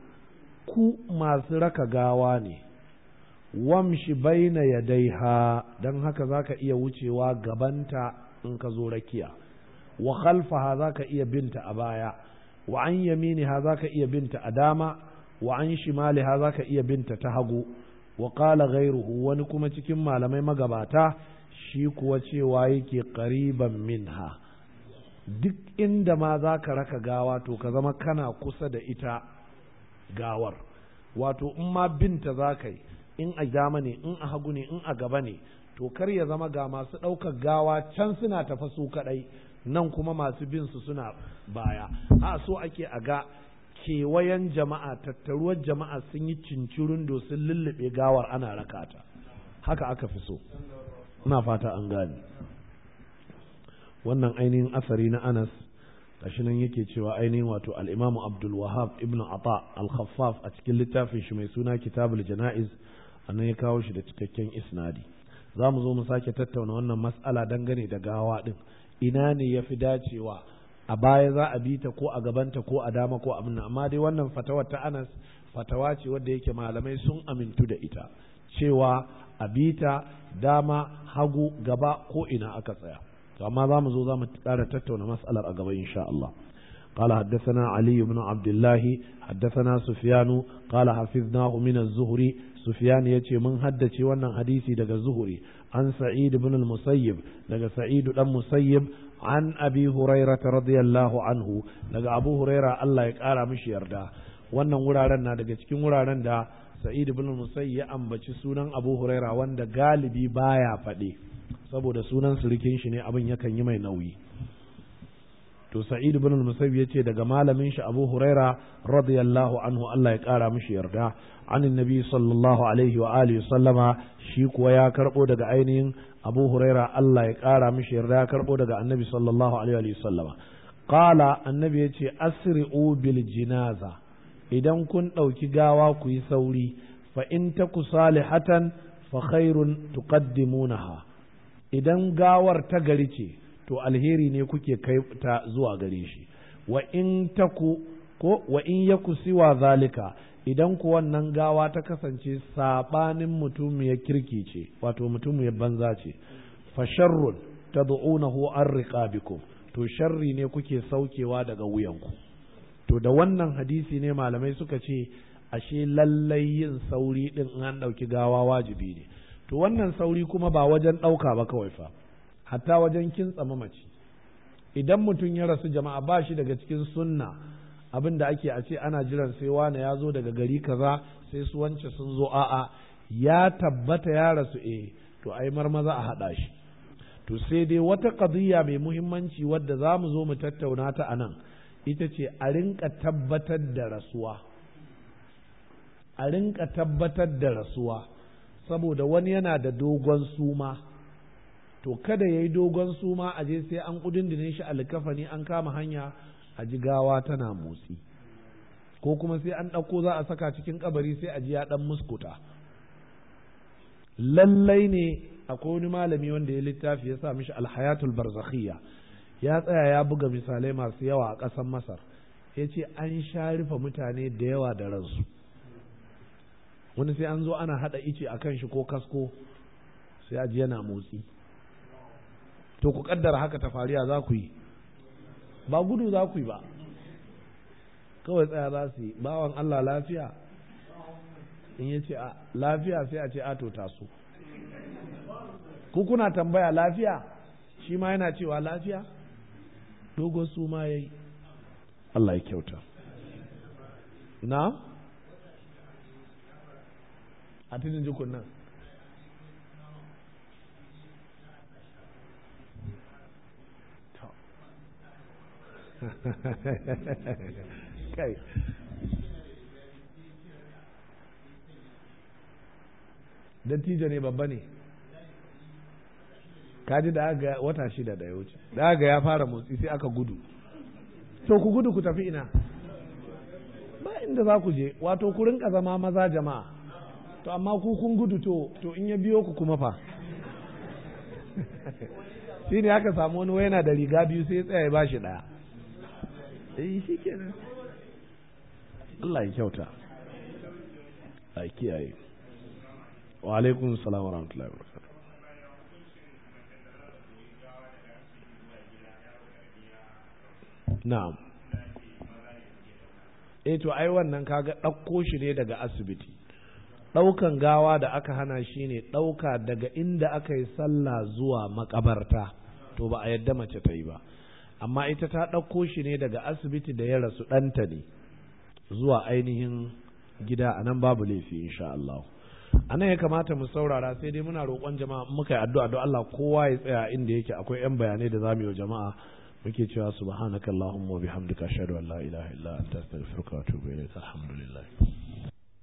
ku masu raka gawa ne wamshi baina yadaiha don haka zaka iya wucewa gabanta in ka zo rakiya wa khalfaha ka iya binta a baya wa an yaminiha zaka iya binta a dama wa an shimaliha zaka iya binta ta hagu wa qala wani kuma cikin malamai magabata shi kuwa cewa yake ƙariban minha duk inda ma za ka raka gawa to ka zama kana kusa da ita gawar wato in ma binta za ka yi in a dama ne in a hagu ne in a gaba ne to kar ya zama ga masu ɗaukar gawa can suna tafa su kaɗai nan kuma masu bin su suna baya a so ake a ga kewayen jama'a tattaruwar jama'a sun yi cincirin sun lullube gawar ana rakata haka aka fi so ina fata an gane wannan ainihin asari na anas gashi nan yake cewa ainihin wato al'imamu abdul wahab ibn ata al a cikin littafin shi mai suna kitabul jana'iz annan ya kawo shi da cikakken isnadi za mu zo mu sake tattauna wannan mas'ala dangane da gawa din ina ne ya fi dacewa a baya za a bita ko a gabanta ko a dama ko abin amma dai wannan fatawa ta anas fatawa ce wadda yake malamai sun amintu da ita cewa a bita dama hagu gaba ko ina aka tsaya to amma za mu zo za mu tsara tattauna mas'alar a gaba insha Allah قال حدثنا علي بن عبد الله حدثنا سفيان قال حفظناه من الزهري سفيان يتي من حدثي wannan hadisi daga zuhuri an sa'id ibn al-musayyib daga sa'id dan musayyib an abi huraira radiyallahu anhu daga abu huraira Allah ya kara mishi yarda wannan wuraren na daga cikin wuraren da sa'id ibn musayyib ya ambaci sunan abu huraira wanda galibi baya faɗe saboda sunan surikin shi ne abin yakan yi mai nauyi to sa'id ibn musayyib yace daga malamin shi abu huraira radiyallahu anhu Allah ya kara mishi yarda عن النبي صلى الله عليه وآله وسلم شيك ويا كربو دغ عينين أبو هريرة الله يقارى مش يرى كربو دغ النبي صلى الله عليه وآله وسلم قال النبي أسرعوا بالجنازة idan kun ɗauki gawa ku yi sauri fa in taku salihatan fa khairun tuqaddimunaha idan gawar ta gari ce to alheri ne kuke kai ta zuwa gare shi wa in taku wa zalika idan ku wannan gawa ta kasance saɓanin ya kirki ce wato mutum ya banza ce fa sharrun tad'unahu an riqabikum to sharri ne kuke saukewa daga wuyanku to da wannan hadisi ne malamai suka ce ashe lallai yin sauri din an ɗauki gawa wajibi ne to wannan sauri kuma ba wajen ɗauka ba kawai fa hatta wajen kintsa mamaci idan mutum ya rasu jama'a ba shi daga cikin sunna abin da ake a ce ana jiran sai wane ya zo daga gari kaza sai su wance sun zo a'a ya tabbata ya rasu eh to ai marmaza a haɗa shi to sai dai wata ƙaziyya mai muhimmanci wadda za mu zo mu tattauna ta a nan ita ce a rinka tabbatar da rasuwa a rinka tabbatar da rasuwa saboda wani yana da dogon suma to kada ya yi dogon suma a je sai an ƙudindine shi alkafani an kama hanya a ji gawa tana motsi ko kuma sai an ɗauko za a saka cikin kabari sai a ji ya ɗan muskuta lallai ne akwai wani malami wanda ya littafi ya sa mishi alhayatul barzakhiyya ya tsaya ya buga misalai masu yawa a ƙasar masar ya ce an sha rufe mutane da yawa da ransu wani sai an zo ana haɗa ice a kan shi ko kasko sai a ji yana motsi to ku kaddara haka ta fariya za ku yi ba gudu za ku yi ba kawai tsaya za su yi bawan Allah lafiya in ya ce lafiya sai a ce ato taso ku kuna tambaya lafiya shi ma yana cewa lafiya dogon su ma ya yi Allah ya kyauta na a tunin jikun nan okay. dattijo ne babba ne kaji da aga wata shida da ya wuce da aga ya fara motsi sai aka gudu to ku gudu ku tafi ina ba inda za ku je wato ku rinka zama maza jama'a to amma ku kun gudu to to in ya biyo ku kuma fa shi ne aka samu wani yana da riga biyu sai ya tsaya ya bashi ɗaya eh shi kenan Allah ya kyauta a kiyaye wa alaikum salam wa rahmatullahi wa barakatuh na'am eh to ai wannan kaga ɗauko shi ne daga asibiti ɗaukan gawa da aka hana shi ne ɗauka daga inda aka yi sallah zuwa makabarta to ba a yadda mace ta yi ba amma ita ta ɗauko shi ne daga asibiti da ya rasu ɗanta ne zuwa ainihin gida a nan babu laifi insha Allah a nan ya kamata mu saurara sai dai muna roƙon jama'a muka yi addu'a don Allah kowa ya tsaya inda yake akwai ƴan bayanai da zamu yi wa jama'a muke cewa subhanakallahumma wa bihamdika ashhadu an la ilaha illa anta astaghfiruka wa atubu ilayk alhamdulillah